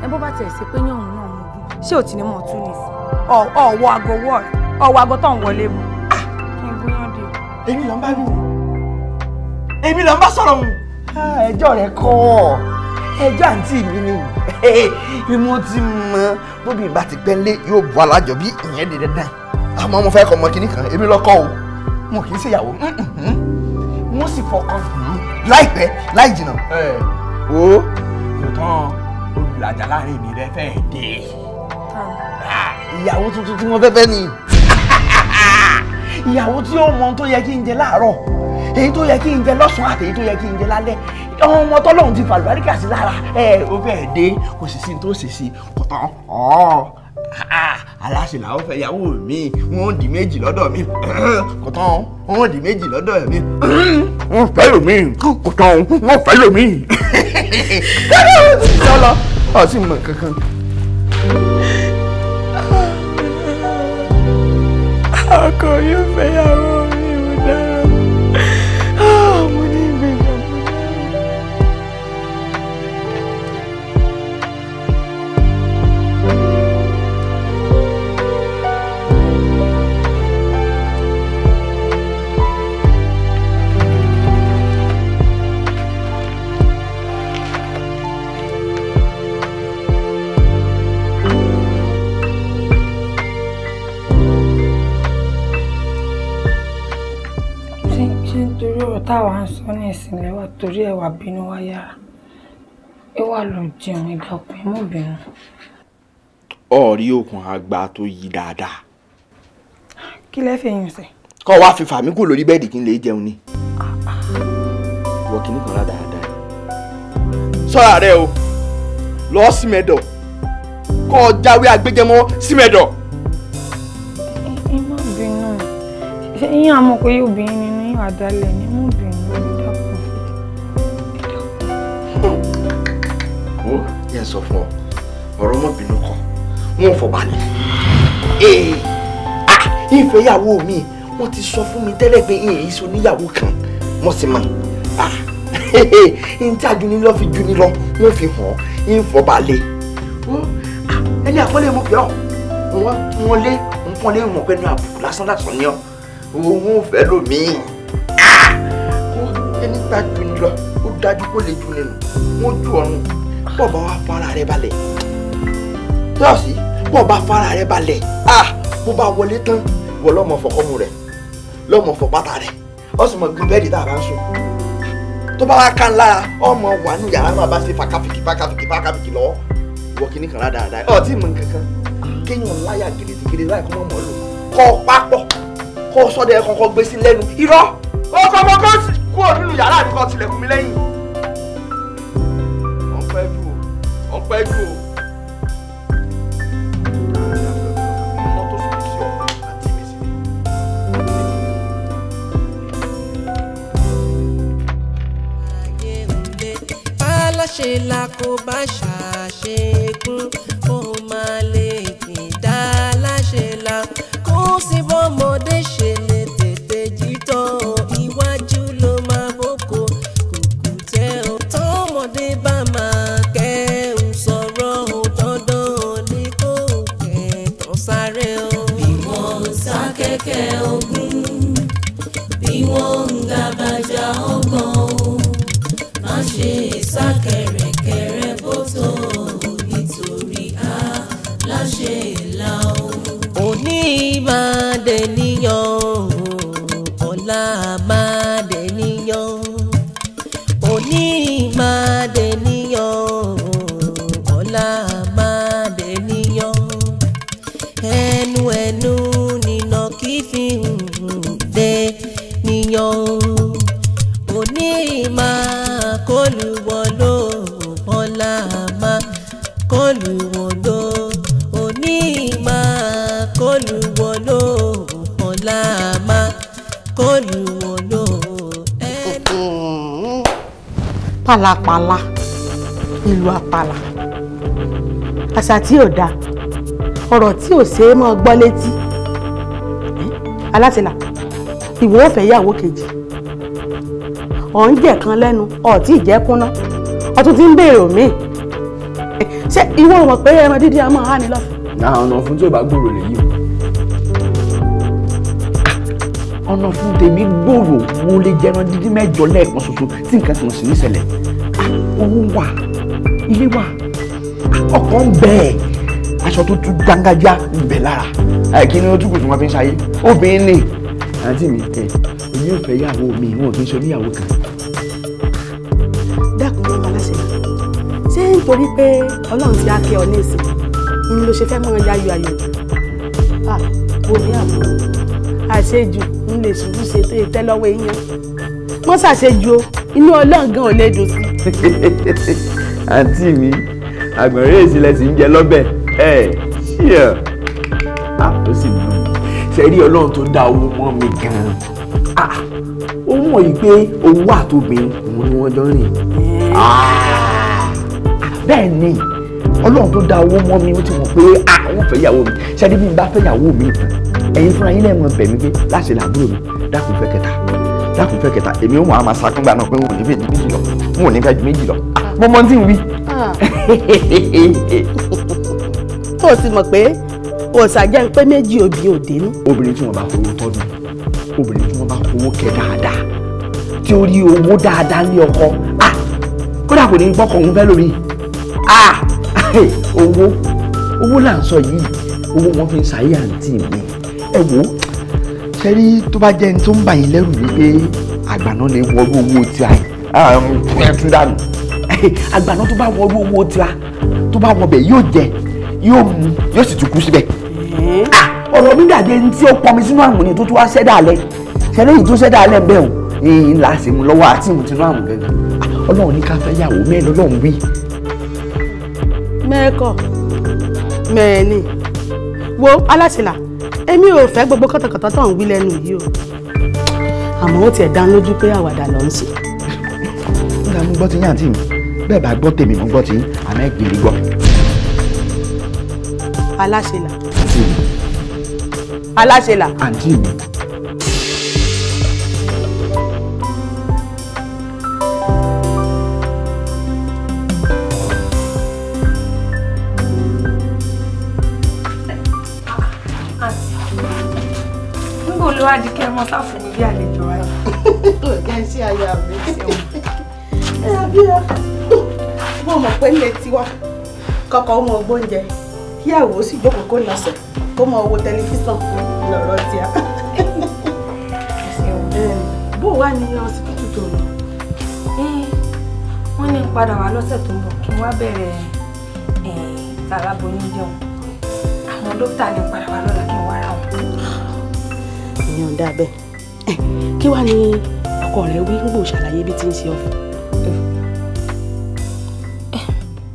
ẹ bó bá tẹ̀ ṣe pé yàn òun náà mú un ṣé ò ti ní mọ̀ tún nìsín ọ̀wọ́ aago wọ̀ ọ̀wọ́ aago tó ń wọlé mu. Ah, kí n bóyá dé. èmi là ń bá wíwò èmi là ń bá sọ̀rọ̀ mu. Ah, ẹjọ́ rẹ kọ́ ẹjọ́ àǹtí mi ni imú ti mọ bóbi ìbá ti pẹ́ lé yóò bu alájọ bí ìyẹn di dandan àmọ́ mo fẹ́ kọ́ ọmọ kìnnìkan èmi lọ́kọ́ o mo kì í ṣèyàwó wọ́n mm, mm, mm. sì fọkàn láìpẹ́ láì jìnnà. Eh, o kò tán olùlàjà láàrin mi rẹ fẹ́ẹ́ dé ìyàwó tuntun tí wọ́n fẹ́ fẹ́ ni ìyàwó tí ó mọ ohun tó yẹ kí n jẹ láàárọ̀ èyí tó yẹ kí n jẹ lọ́sàn-án tó yẹ kí n jẹ lálẹ́ ọmọ tọ́lọ́run ti fàlùbáríkà sí lára ẹ ò fẹ́ dé kò sì sí tó sì sí kò tán ọ́ aláṣẹ làwọn fẹ́ yàwó mi wọn di méjì lọ́dọ̀ mi kò tán wọn di méjì lọ́dọ̀ mi wọn fẹ́ lómi kò tán wọn fẹ́ lómi. ọlọ ọsìn kankan. I call you yàwó mi táwa ń sọ ní ìsinmi wa torí ẹwà bínú wa yára ẹ wà ló jẹun ìdàpọ̀ ẹmọ bínú. ọ̀rí okùn àgbà tó yí dáadáa. kí lẹ́ fi yùn sẹ́. kọ́ wa fi fàmí kúrò lórí bẹ́ẹ̀dì kí n lè jẹun ni. wọ́n kì í nìkan ládàáda. sọ́ra rẹ o lọ́ọ́ sí mẹ́dọ̀ kọ́ ọ jáwé àgbéjẹmọ́ sí mẹ́dọ̀. ẹ má bínú ṣé yín àmọ́ pé obìnrin nínú náà àdálẹ̀ ni mo bìnrin lórí dákun. ó yẹ sọ fún ọ ọ̀rọ̀ ọmọbìnrin kan wọn ò fọbalẹ̀ ee eh, ah ìfẹ́yàwó mi wọ́n ti sọ fún mi tẹ́lẹ̀ pé èyí sọ níyàwó kan mo sì mọ̀ ah n tí ajuni lọ fi juni lọ wọn fi hàn n fọbalẹ ah, ẹni àpọ́nlé mo bẹ̀ ọ́ wọn lé nǹkan lé wọn pẹ̀lú àbùkù lásán lásán ni ọ́ òun ò fẹ́ lómi ẹni gbà jù ní lọ ó dájú kó lè jù nínú wọn jù ọrùn bọ́ọ̀ bá wà fara rẹ balẹ̀ tọ́ọ̀sì bọ́ọ̀ bá fara rẹ balẹ̀ ah bó bá wọlé tán wọ lọ́mọ fọkọ́mu rẹ̀ lọ́mọ fọpátá rẹ̀ ọ̀sùn mọ̀ gbin bẹ́ẹ̀dì tá a bá ń sùn tó bá wá kán lára ọmọ wà nù yàrá náà bá ṣe fàkàfìkì fàkàfìkì fàkàfìkì lọ́wọ́ wọ kíní kan rádaràdà ọ̀ tí mò ń kankan kéèyàn láyà gidigidi láì kọ́ mọ̀ mọ́ lò kọ́ pápọ̀ kọ́ sọ́dẹ̀ kọ́kọ́ gbé sí lẹ́nu irọ́ ọkọ ọmọ kan sì kúrò nínú yàrá mi kan tilẹ̀kùn mi lẹ́yìn. wọ́n pẹ́ jù o wọ́n pẹ́ jù o. aláṣẹ la kò bá ṣàṣekún. pálapàla ìlú àpàlà àṣà tí ò da, ọ̀rọ̀ tí ò é mọ́ gbọ́ létí alátìlà ìwọ ò fẹ́ yàwó kejì ọ̀ ń jẹ̀ kan lẹ́nu ọ̀tí ìjẹ́kúná ọtún ti ń béèrè òmíì ṣé ìwọ ò mọ̀ pé ẹran dídí a máa há ni lọ́fẹ̀ẹ́. náà ọ̀nà fún tí ò bá gbòòrò lèyí o ọ̀nà fún tèmi gbòòrò o lè jẹran dídí mẹ́jọ lẹ́ẹ̀kan ṣoṣo tí nǹkan kan sì ní ṣẹlẹ̀ ah, owó wà ilé wà ọkọ̀ ń bẹ́ẹ̀ aṣọ tó tú gbangajá ń bẹ lára kí ni ó túkù tí wọ́n fi ń ṣayé obìnrin ni àǹtí mi tẹ èmi ò fẹ́ yàwó mi wọn ò fi ń ṣe oníyàwó kan. dákun ló bá láṣẹ ṣé nítorí pé ọlọ́run ti á kí ọ ní ìsìn ni ló ṣe fẹ́ mọ́ ọ yáyọ ayọ̀ ah omi àbúrò àṣejù ń lè ṣe ṣe tó tẹ́ lọ́wọ́ eyín wọ́n ṣàṣejù o inú ọlọ́run gan ò lè dùn sí. àǹtí mi àgbọ̀nrín èsì lẹ sì ń jẹ lọ́bẹ̀ ẹ ṣíà á ah, ó sì mú ṣe rí ọlọ́run tó dá owó mọ́ mi gan-an ah, ó mọ̀ yìí pé owó àtòbìnrin òun ni wọ́n jọ ń rìn ah, bẹ́ẹ̀ ni ọlọ́run tó dá owó mọ́ mi ó ti mọ̀ pé àwọn fẹ́ yàwó mi ṣe ni bí n bá fẹ́ yàwó mi ẹ̀yin fúnra yín lẹ́ẹ̀mọ bẹ̀ mí pé láṣẹ làbúrò mi dákun fẹ́ kẹta dákun fẹ́ kẹta èmi ò mọ̀ àwọn asakúngbà náà pé n ò ní fẹ́ ju méjì lọ n ò ní fẹ́ ju méjì lọ ah, mo mọ tí n wí. tó ah. o sì mọ̀ pé òòsà jẹ́ pé méjì òbí òde ní. obìnrin tí wọ́n bá fowó tọ́jú obìnrin tí wọ́n bá fowó kẹ́ dáadáa tí ó rí owó dáadáa ní ọkọ ah, kódà kò ní gbọ́kọ̀ òun fẹ́ lórí owó owó là ń sọ yìí owó wọn fi ń ṣàyè àǹtí mi ẹ wò ó sẹ́rí tó bá jẹ́ ẹni tó ń bà yín lẹ́rù wípé àgbàná lè wọlú owó tiwa ẹ tún dànù àgbàná tó bá wọlú owó tiwa tó bá wọbẹ̀ yóò jẹ yóò mu yóò sì tún kú síbẹ̀ ọ̀rọ̀ mi dàbí ẹni tí ó pọnmi sínú àmúni tó tún wá ṣẹ́dá alẹ́ ṣẹlẹ́ yìí tó ṣẹ́dá alẹ́ bẹ́ẹ̀ o ìyìn là á sì mú lọ́wọ́ àti ìmùtínú àmú gẹ́gẹ́ ọlọ́run ní ká fẹ́ yàwó mẹ́rin ọlọ́run wí. mẹ́ẹ̀kọ́ mẹ́ẹ̀ni wo aláṣẹlá èmi ò fẹ́ gbogbo kọ́tọ̀kọ́tọ̀ tó ń wí lẹ́nu yìí o àmọ́ ó tiẹ̀ dán lójú pé àwàdà ló ń sè. nígbà mo gbọ́ ti yàn tí mi bẹ́ẹ̀ bá gbọ́ tèmi mo gbọ́ ti àmọ́ ẹ̀ gbèrè gbọ́. aláṣẹlà aláṣẹlà. àǹtí mi. mọ sáfù mi bí àlejò wa. ọ̀gá iṣẹ́ aya mi ṣeun. ẹ abíyá wọn mọ̀ pé ilé tiwa kọ́kọ́ ó mọ gbóúnjẹ kíyàwó sì jókòó kó nasẹ̀ kó mọ owó tẹlifíṣàn lọ́rọ̀ tíá. bó wà ní ọsibítù tó lọ. wọ́n ní padà wá lọ́sẹ̀ tó ń bọ̀ kí wọ́n bẹ̀rẹ̀ tààrà bọ̀ ní jẹun àwọn dókítà ní padà wá lọ́la. yọ̀ǹda bẹ́ẹ̀ eh, kí wàá ní ọkọ rẹ wí ṣàlàyé bí ti ń ṣe ọ̀fọ̀.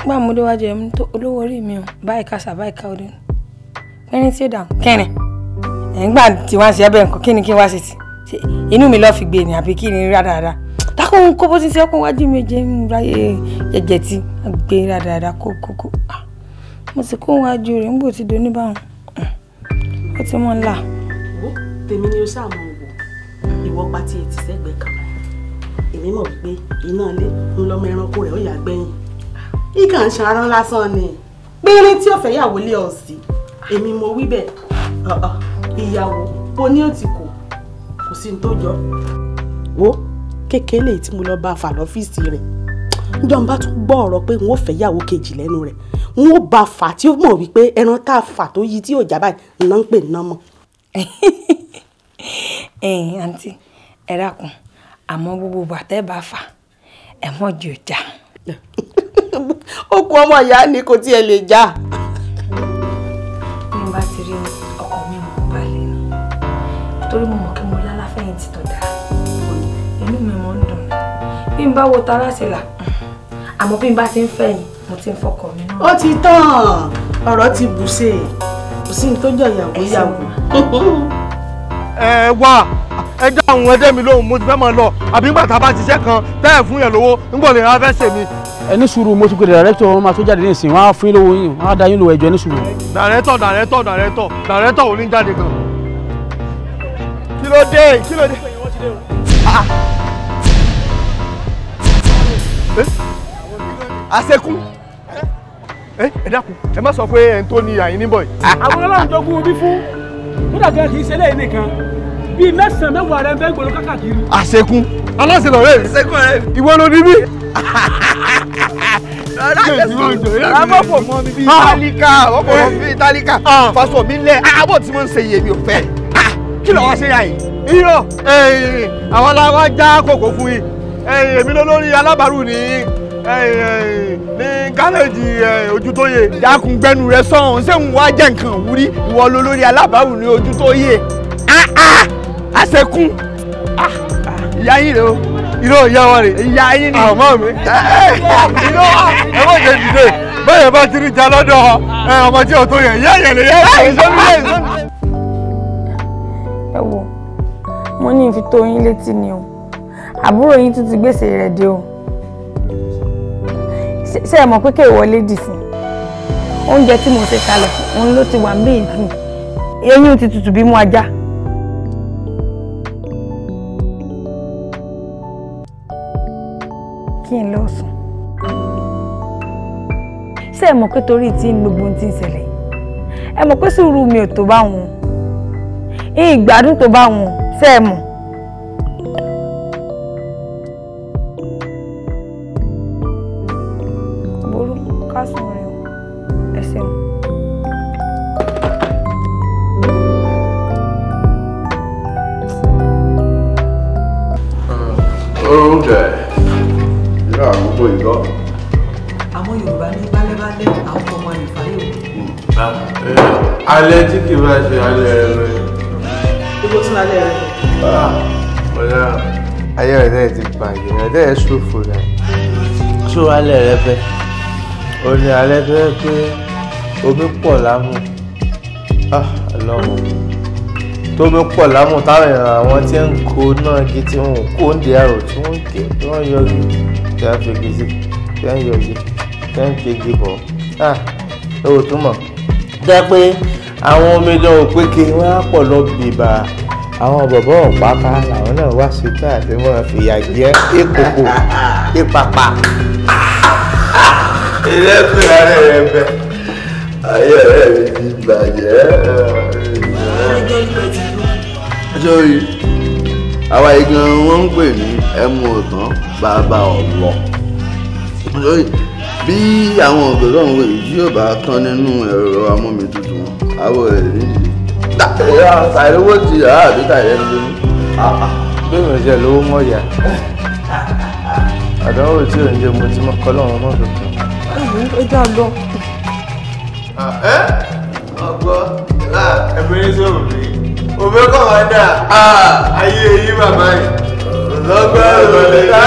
gbà eh, mo ẹ̀ tó olówó orí mi o báyìí báyìí ká tí ó dà tí ṣe nǹkan kí ni kí wá inú mi lọ́ọ́ fi gbé ni àbí kí ni rí kó bó ti ṣe wájú mi eh, ah, do níbàrún hmm, ó ti tèmi ni o ṣàmọ wò ìwọ pa tiẹ̀ ti sẹ́gbẹ̀ẹ́ kan èmi mọ̀ wípé iná ilé ń lọ́mọ ẹranko rẹ̀ ó yà gbẹ̀yìn ìkà ń ṣarán lásán ni péré tí ọ̀fẹ́ yàwó lé ọ̀ sí èmi mo wí bẹ́ẹ̀ ìyàwó o, ní òtí kò kò sí ní tó jọ. wo kékeré tí mo lọ bá fà lọ́fíìsì rẹ̀ njọba tún gbọ́ ọ̀rọ̀ pé n ó fẹ́ yàwó kejì lẹ́nu rẹ̀ n ó bá fà tí ó mọ̀ wípé ẹran tá a fà tó yí tí ò jábàá iná ń pè ná mọ́. ẹ̀yin àǹtí ẹ dákun àmọ́ gbogbo bàtẹ́ bá fà ẹ mọ̀ jù já. okùn ọmọ ìyá ni kò tiẹ̀ lè já. bí mo bá ti rí ọkọ mi mọ̀ ọ́ balẹ̀ ni torí mo mọ̀ kí mo lálàfẹ́yìntì tó dáa inú mi mọ̀ ń dùn bí n bá wo tara sí là àmọ́ bí n bá ti ń fẹ́ yín mo ti ń fọkọ mi náà. ó ti tán ọ̀rọ̀ ti bù ṣe kò sí ní tó jọ ìyàwó ìyàwó. ẹ wá ẹ dá àwọn ẹdẹ mi lóhùn mo ti fẹ́ máa lọ àbí nígbà tá a bá ṣiṣẹ́ kan tẹ́ ẹ̀ fún yẹn lówó nígbà lè ra fẹ́ ṣe mi. ẹ ní sùúrù mo ti pe dàrẹ́tọ̀ wọn máa tó jáde ní ìsìn wọn á fún yín lówó yín wọn á da yín lówó ẹjọ́ ní sùúrù. dàrẹ́tọ̀ dàrẹ́tọ̀ dàrẹ́tọ̀ dàrẹ́tọ̀ ò ní jáde kan. kí ló dé kí ló dé. àṣekún eh? eh? eh, ẹ dákun ẹ má sọ pé ẹ ń tó ni àyín níbọ̀ yìí. àwọn ọlọ́run jogún bí fún kódà gan kì í ṣe léyìn nìkan bíi mẹ́sàn-án mẹ́wàá rẹ̀ ń bẹ́ gbòòrò kákàkiri. àṣekún aláṣẹ lọrẹ mi. àṣekún rẹ. ìwọ ló ní bí. Àmọ́ kò mọ mi bíi Italika, ó kò mọ mi bíi Italika, faṣọ mi lẹ̀, àbọ̀ tí mo ń ṣe iye ò fẹ́. Ah, kí ló wá ṣe yàyí? Irọ́ eh, àwọn aláwa já kòkó fún yìí, eh, èmi ló alábàárù ní ni. ní gárẹ́jì Ojútóyè dákun gbẹnu rẹ sọ̀hún ṣé ń wá jẹ́ nǹkan wúrí ìwọ lólórí alábàáwù ní Ojútóyè àṣekún ah, ah, ah, ìyá yín rè o irọ́ ìyá wa rè ìyá yín ni. àmọ́ mi irọ́ ẹ má jẹ dìde bẹ́ẹ̀ bá ti rí ja lọ́dọ̀ ọmọ tí o tó yẹ ìyá yẹn lè yẹ ẹ wo mo ní ìfi tó yín létí ni o àbúrò yín tún ti gbèsè rẹ̀ dé o ṣe é mọ̀ pé kí ìwọlé dì sí oúnjẹ tí mo ṣe kalẹ̀ òun ló ti wà mí ìsìn eyín ti tutù bí mú ajá. kí n lọ sùn ṣe é mọ̀ pé torí tí gbogbo ohun ti ń ṣẹlẹ̀ ẹ mọ̀ pé sùúrù mi ò tó bá wọn ìgbádùn tó bá wọn ṣe é mọ̀. alẹ́fẹ́ oní alẹ́fẹ́ pé omi pọ̀ lámù ah, lọ́hùn tómi pọ̀ lámù táwọn èèyàn àwọn tí ń kó náà gí tí wọn kó ń di àrò tí wọ́n ké tí wọ́n yọjú tí wọ́n fi gidi tí wọ́n yọjú tí wọ́n fi gidi bọ̀ ah ewu túmọ̀ jẹ́ pé àwọn omidan òpèké wọn á pọ̀ lọ bìbà àwọn bọ̀bọ̀ ọ̀pá ká làwọn náà wá sí tá àti wọn fìyà jẹ ìkòkò ìpàpà ìrẹ́kùn ara rẹ̀ bẹ̀ ayé rẹ̀ mi ti bàjẹ́. sórí àwa igan wọn ń pè ní ẹmu ọ̀tán bàbá ọ̀lọ́ sórí bí àwọn ọ̀gbẹ́ náà ń wẹ̀ yìí yóò bá tán nínú ẹ̀rọ amómitutù wọn àwọ̀ ẹ̀ nídìí tàyẹ̀ lówó ti yà á àbí tàyẹ̀ lówó. bí mi ò jẹ́ lówó mọ̀ yá àdánwò tí ò ń jẹ́ mo ti mọ́ kọ́ lọ́wọ́ mọ́ tuntun ó dà lọ. ẹ ọgbọ ẹbẹrẹ sọ̀rọ̀ mi òbẹ kọ máa dà ayé èyí màmá yìí lọgbà ìrọ̀lẹ́ dá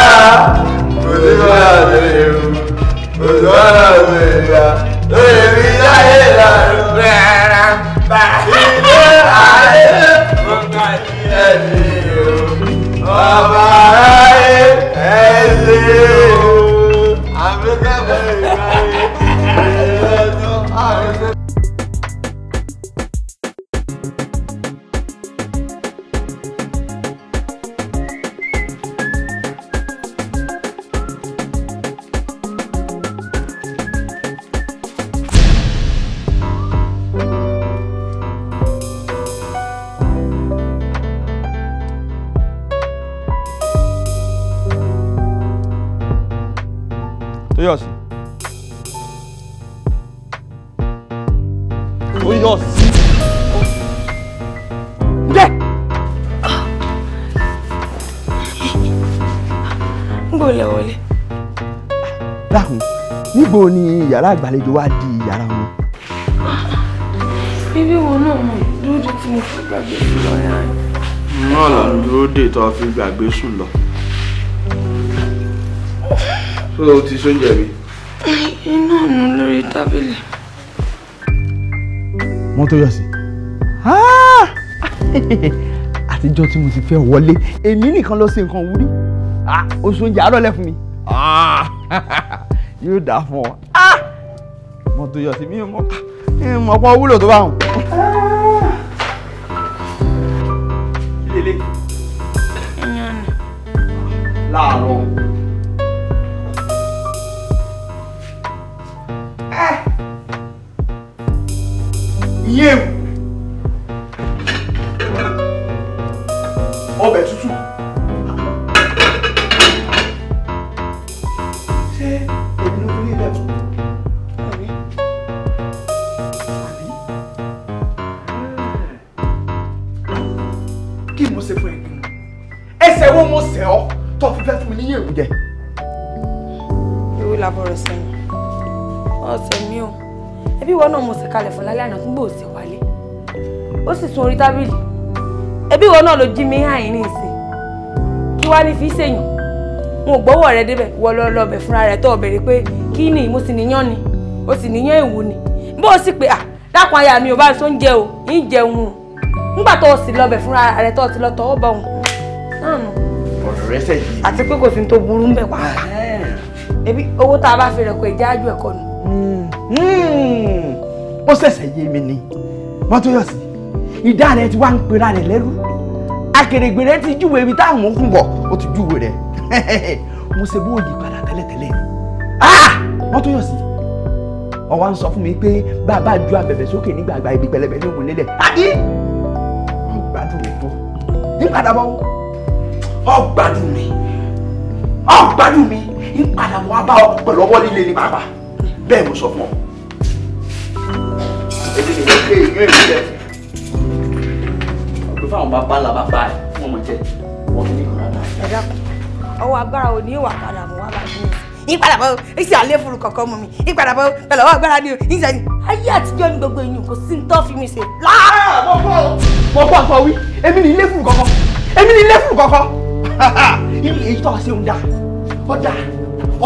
kò sí máa bẹ̀rẹ̀ ewu kò sí máa bẹ̀rẹ̀ ìgbà lóye mi láyé ìlànà rárá bá ilé ayé mo kà sí ẹni yours. Ǹjẹ́? Níbo lẹ wọlé? Dákun, níbo ni yàrá àgbàlejò wa di yàrá wọn? Bíbí wo náà mo dúró de tí mo fi gbàgbé sùn lọ yára. Náà là ń dúró de tó fi gbàgbé sùn lọ. Ṣé o ti sóúnjẹ mi? Iná nù lórí tábìlì. Mọ́tòyọ̀sí ah! àtijọ́ tí mo ti fẹ́ wọlé èmi nìkan lọ sí nǹkan wúrí ah! oṣù oúnjẹ àárọ̀ lẹ̀ fún mi ah! yóò dà fún ọ Mọ́tòyọ̀sí mi mọ ọ̀pọ̀ wúlò tó bá hàn. láàárọ̀. ní èwù ọbẹ̀ tútù. ṣé èmi ló fi lè lẹ̀ kí mo ṣe fún ẹ nínú ẹsẹ̀ wo mo ṣẹ̀ ọ́ tó fi fẹ́ fún mi níyẹn òun jẹ. ìwọ náà mo sì kalẹ̀ fún lálẹ́ àná nígbà òsì wálé ó sì sun orí tábìlì ẹbí ìwọ náà ló jí mi hàn ní ìsìn kí fi ṣèyàn n ò gbọ́wọ́ rẹ débẹ̀ wọ fúnra rẹ tó pé kí ni mo sì níyàn ni o sì níyàn èwo ni bó o sì pé à dákun aya mi ò bá tó ń o ń jẹun o nígbà tó o sì lọbẹ̀ fúnra rẹ tó ti lọ náà nù. ọ̀rọ̀ rẹ àti pé kò sí ní tó burú Hmm. ó ṣẹ̀ṣẹ̀ yé mi ni wọ́n tó yọ̀ sí ìdá rẹ̀ ti wá ń pera rẹ̀ lẹ́rú akèrègbè rẹ̀ ti júwe ibi táwọn ń bọ̀ ó ti júwe rẹ̀ mo ṣe bó yí padà tẹ́lẹ̀tẹ́lẹ̀ ah! wọ́n tó yọ̀ sí ó wá ń sọ fún mi pé bàbá ju abẹ̀bẹ̀ sókè nígbàgbà ibi pẹlẹbẹ ní òun lélẹ̀ àbí gbádùn mi tó nípadàbọ̀ ọ gbádùn mi ọ gbádùn mi nípadàbọ̀ wá bá ọ pẹ̀lú ọwọ́ líle ní bàbá bẹ́ẹ̀ mo sọ fún ọ. èdè nìyẹn ké ìlú èmi jẹ ọgbẹ fáwọn bàbá là bàbá ẹ wọn mọ jẹ wọn ní ìkọlá. ẹ dákun ọwọ́ agbára ò ní ìwà padà mọ wá bàbá mi ìpadà bọ́ èsì àléfòrò kọ̀ọ̀kan mú mi ìpadà bọ́ pẹ̀lú ọwọ́ agbára ni o ìjà ni ayé àtijọ́ ni gbogbo èèyàn kò sí tó fi mi ṣe. Ah, mo gbọ́ nǹkan wí èmi ni ilé fùrù kankan èmi ni ilé fùrù kankan èyí tó ṣe ń da ọ̀dà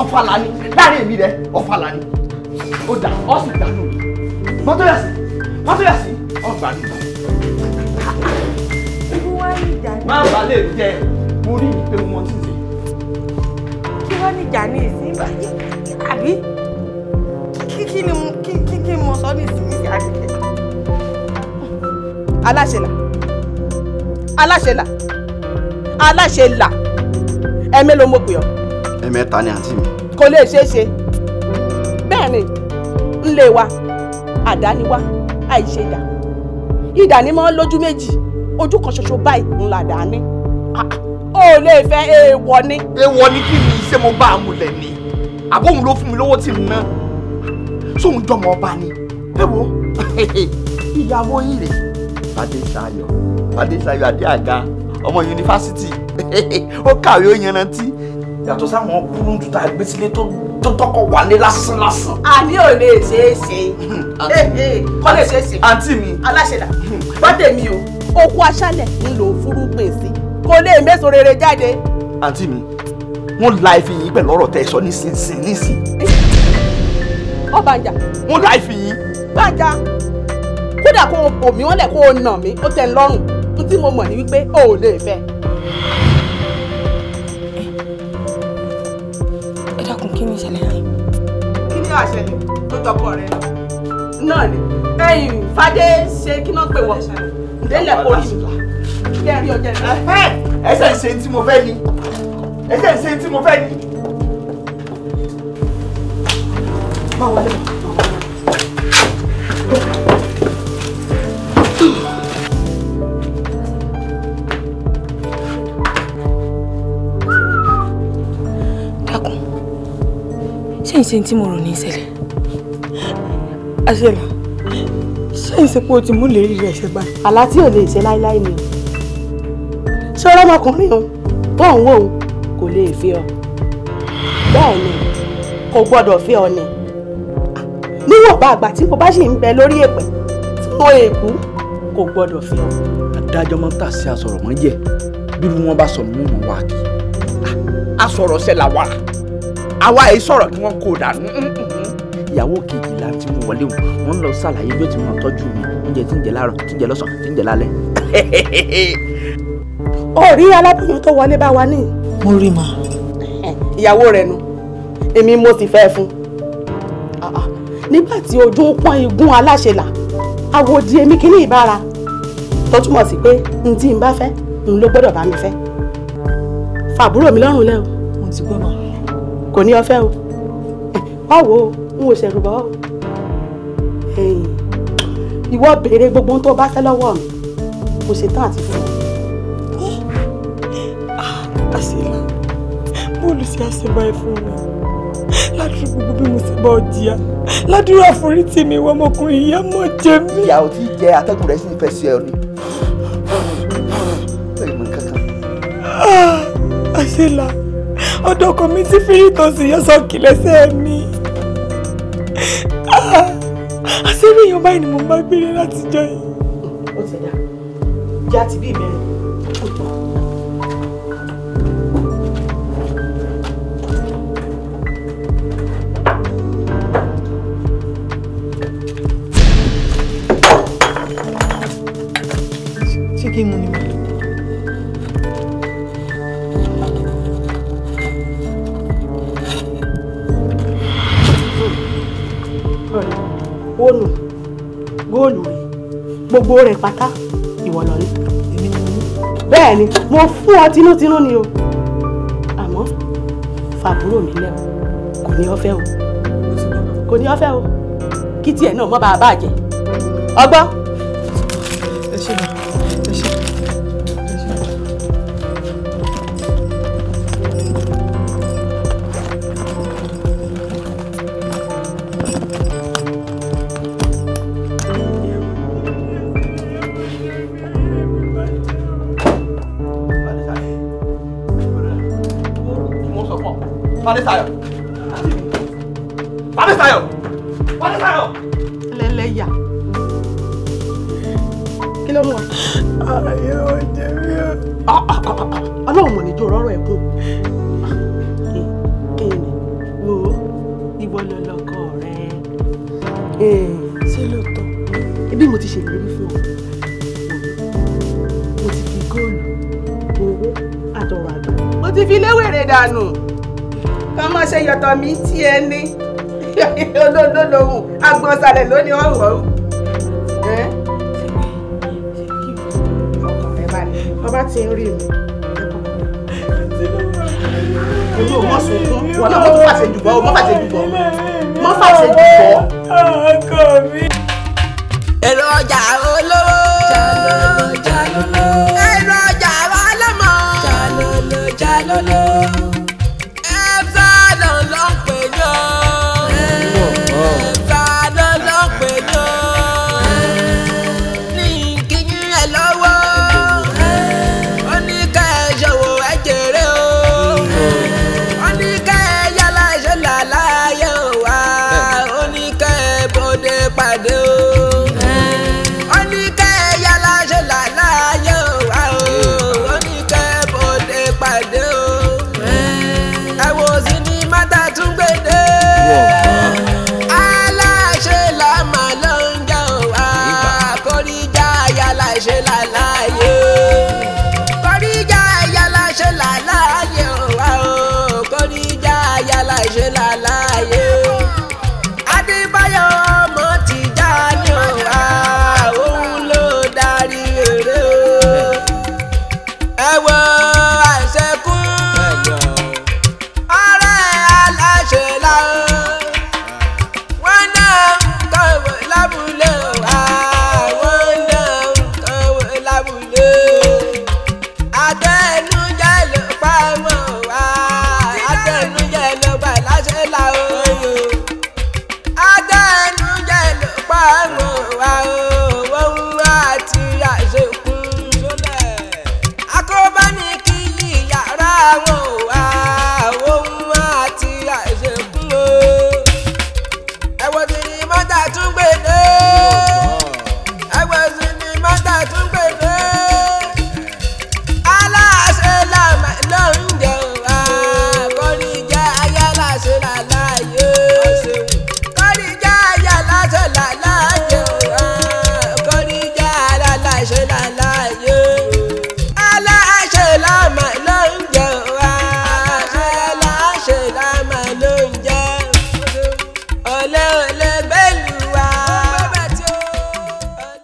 ọ̀fàlà ni láàrin èmi rẹ̀ ọ̀fàlà ni ó dà ọ́ sì dànù mi mọ́tò yà sí mọ́tò yà sí ọgbà mi. irú wá ní ìjà ní. má bàa lè jẹ mo rí ìpè wọn ti sè. kí wọ́n ní ìjà ní ìsín ìbàjẹ́ àbí kí kí ni kí kí kí mo sọ ní ìsín ìjà ní. aláṣẹlà aláṣẹlà aláṣẹlà ẹ̀mélòó mo pè ọ́. ẹ̀mẹ́ta ni àǹtí mi. kò lè ṣeé ṣe bẹ́ẹ̀ ni ńlé wa àdáni wa àìṣe ìdà ìdà ni máa ń lójú méjì ojú kan ṣoṣo báyìí ńlá dání ó lè fẹ́ èèwọ̀ ni. èèwọ̀ ni kí ni iṣẹ́ mo bá a múlẹ̀ ni àbóhùn ló fún mi lówó tí mo ná sóhun jọmọ ọba ni ẹ wo ìyàwó yìí rè Fadéṣayọ̀ Fadéṣayọ̀ adé àga ọmọ yunifásitì ó kàwé ó yanrantí yàtọ̀ sáwọn búrúdù tá a gbé sílé tó tó tọkọ wálé lásán lásán. àní ò lè ṣeé ṣe hmm, eh, eh, kọ́ lè ṣeé ṣe. àǹtí mi. aláṣẹlá hmm. bọ́dẹ̀ mi o. oko aṣálẹ̀ ń lò fúrúgbìn sí kò lè méso rere jáde. àǹtí mi wọ́n la ìfi yín pẹ̀lú ọ̀rọ̀ tẹ̀ sọ nísinsìnyí nísìn. ọ bàjá. wọ́n la ìfi yín. bàjá kódà kó o bò mí wọ́n lẹ̀ kó o nà mí ó tẹ́ ń lọ́rùn n mo mọ̀ ní wípé o ò lè fẹ́. ṣẹlẹ̀ náà. kí ni àṣẹlẹ̀ tó tọkọ rẹ lọ náà ni ẹ̀yin fadé ṣe kí náà pè wọ délẹ orí mi kí ẹ rí ọjà rẹ. ẹsẹ ń ṣe tí mo fẹ́ ni ẹsẹ ṣe tí mo fẹ́ ni. máa wọlé lọ. ṣe tí mo rò ní ìṣẹ̀lẹ̀. àṣẹlà ṣé ìsìnkú o ti mú lérí se ṣe báyìí. àlá tí ò lè ṣe láíláí ni o ṣé ọlọ́mọkùnrin o tó ń wò ó kò lè fi ọ bẹ́ẹ̀ ni kò gbọ́dọ̀ fi ọ ni níwọ̀nba àgbà tí mo bá sì ń bẹ lórí èpè tí mo èkú kò gbọ́dọ̀ fi ọ. adájọ́ máa ń tà sí àsọ̀rọ̀ mọ́ yẹ bí wọ́n bá sọ mú wọn wá kí àsọ̀rọ̀ ah, ṣẹlẹ̀ wàrà àwa yìí sọ̀rọ̀ kí wọ́n kó dànù mm, mm, mm. ìyàwó kejì la ti mú wọlé wọn ń lọ ṣàlàyé bí ó ti mọ tọ́jú mi oúnjẹ tí ń jẹ láàárọ̀ tí ń jẹ lọ́sàn-án tí ń jẹ lálẹ́. ó rí alábòyún tó wọlé bá wa ní. mo rí ma. ìyàwó rẹ nu èmi mo sì fẹ́ fún ah, ah. nígbà tí ojú ń pọ́n igun aláṣẹlà àwòdì èmi kìíní ìbára tó túmọ̀ sí pé n tí n bá fẹ́ n ló gbọ́dọ̀ bá mi fẹ́ fàbúrò mi lọ́rùn lẹ́wọ̀. mo ti gbọ́ mọ́ kò ní ọfẹ́ o wá wo n ò ṣẹ̀rù bọ́ ìwọ béèrè gbogbo ohun tó bá fẹ́ lọ́wọ́ mi mo ṣetán àti fún un. àṣìlá bóòlù sí àṣìbá ẹ fún mi ládùúgbò gbogbo bí mo ṣe bá ọ jìyà ládùúrà àforítì mi ìwọ ọmọkùnrin ìyá mọ̀ jẹ mí. ìyàwó tí jẹ atẹ́gùn rẹ̀ sì fẹ́ sí ẹ ni. àṣìlá. Ah, ọ̀dọ̀ ọkọ mi tí fíríìtọ́sì yọ sọ́ọ̀kì lẹ́sẹ̀ mi ah, àṣírí èèyàn báyìí ni mo máa gbére látijọ́ yìí. ó ti dà já ti bí ìbẹ̀rẹ̀. góòlù góòlù rẹ̀ gbogbo rẹ̀ pátá ìwọ lọ ní. bẹ́ẹ̀ ni mo fún ọ tinútinú ni o àmọ́ fàbúrò mi lẹ́wọ̀ kò ní ọ̀fẹ́ o kò ní ọ̀fẹ́ o kí tiẹ̀ náà mọ́ bàa bàjẹ́ ọgbọ́n. Fadétayọ̀. Fadétayọ̀. Fadétayọ̀. Lẹ́lẹ́yà. Kí ló mú wa? Ayé ò jẹ́ mi o. Ọlọ́run mọ̀ níjó rọ́rọ̀ ẹ̀ kún. Kéènì wo ìwọ lọ lọkọ rẹ. Hmm, ṣé lóòótọ́? Ebí mo ti ṣèlérí fún ọ. Mo ti fi góòlù, owó, àtọ̀rọ̀ àgbà. Mo ti fi léwèrè dànù ọmọ ṣe yọ̀tọ̀ mi tí ẹ ní olóńdó lòun agbọ̀n sàlẹ̀ lónìí ọ̀rùn ọ̀rùn. ọkàn ẹ balẹ̀ ọba ti ń rí mi. èmi ò mọ̀ sunkún wọn náà mo tún fàṣẹ jùbọ́ mo fàṣẹ jùbọ́ mo fàṣẹ jùbọ́. ọkọ mi. èrò ọjà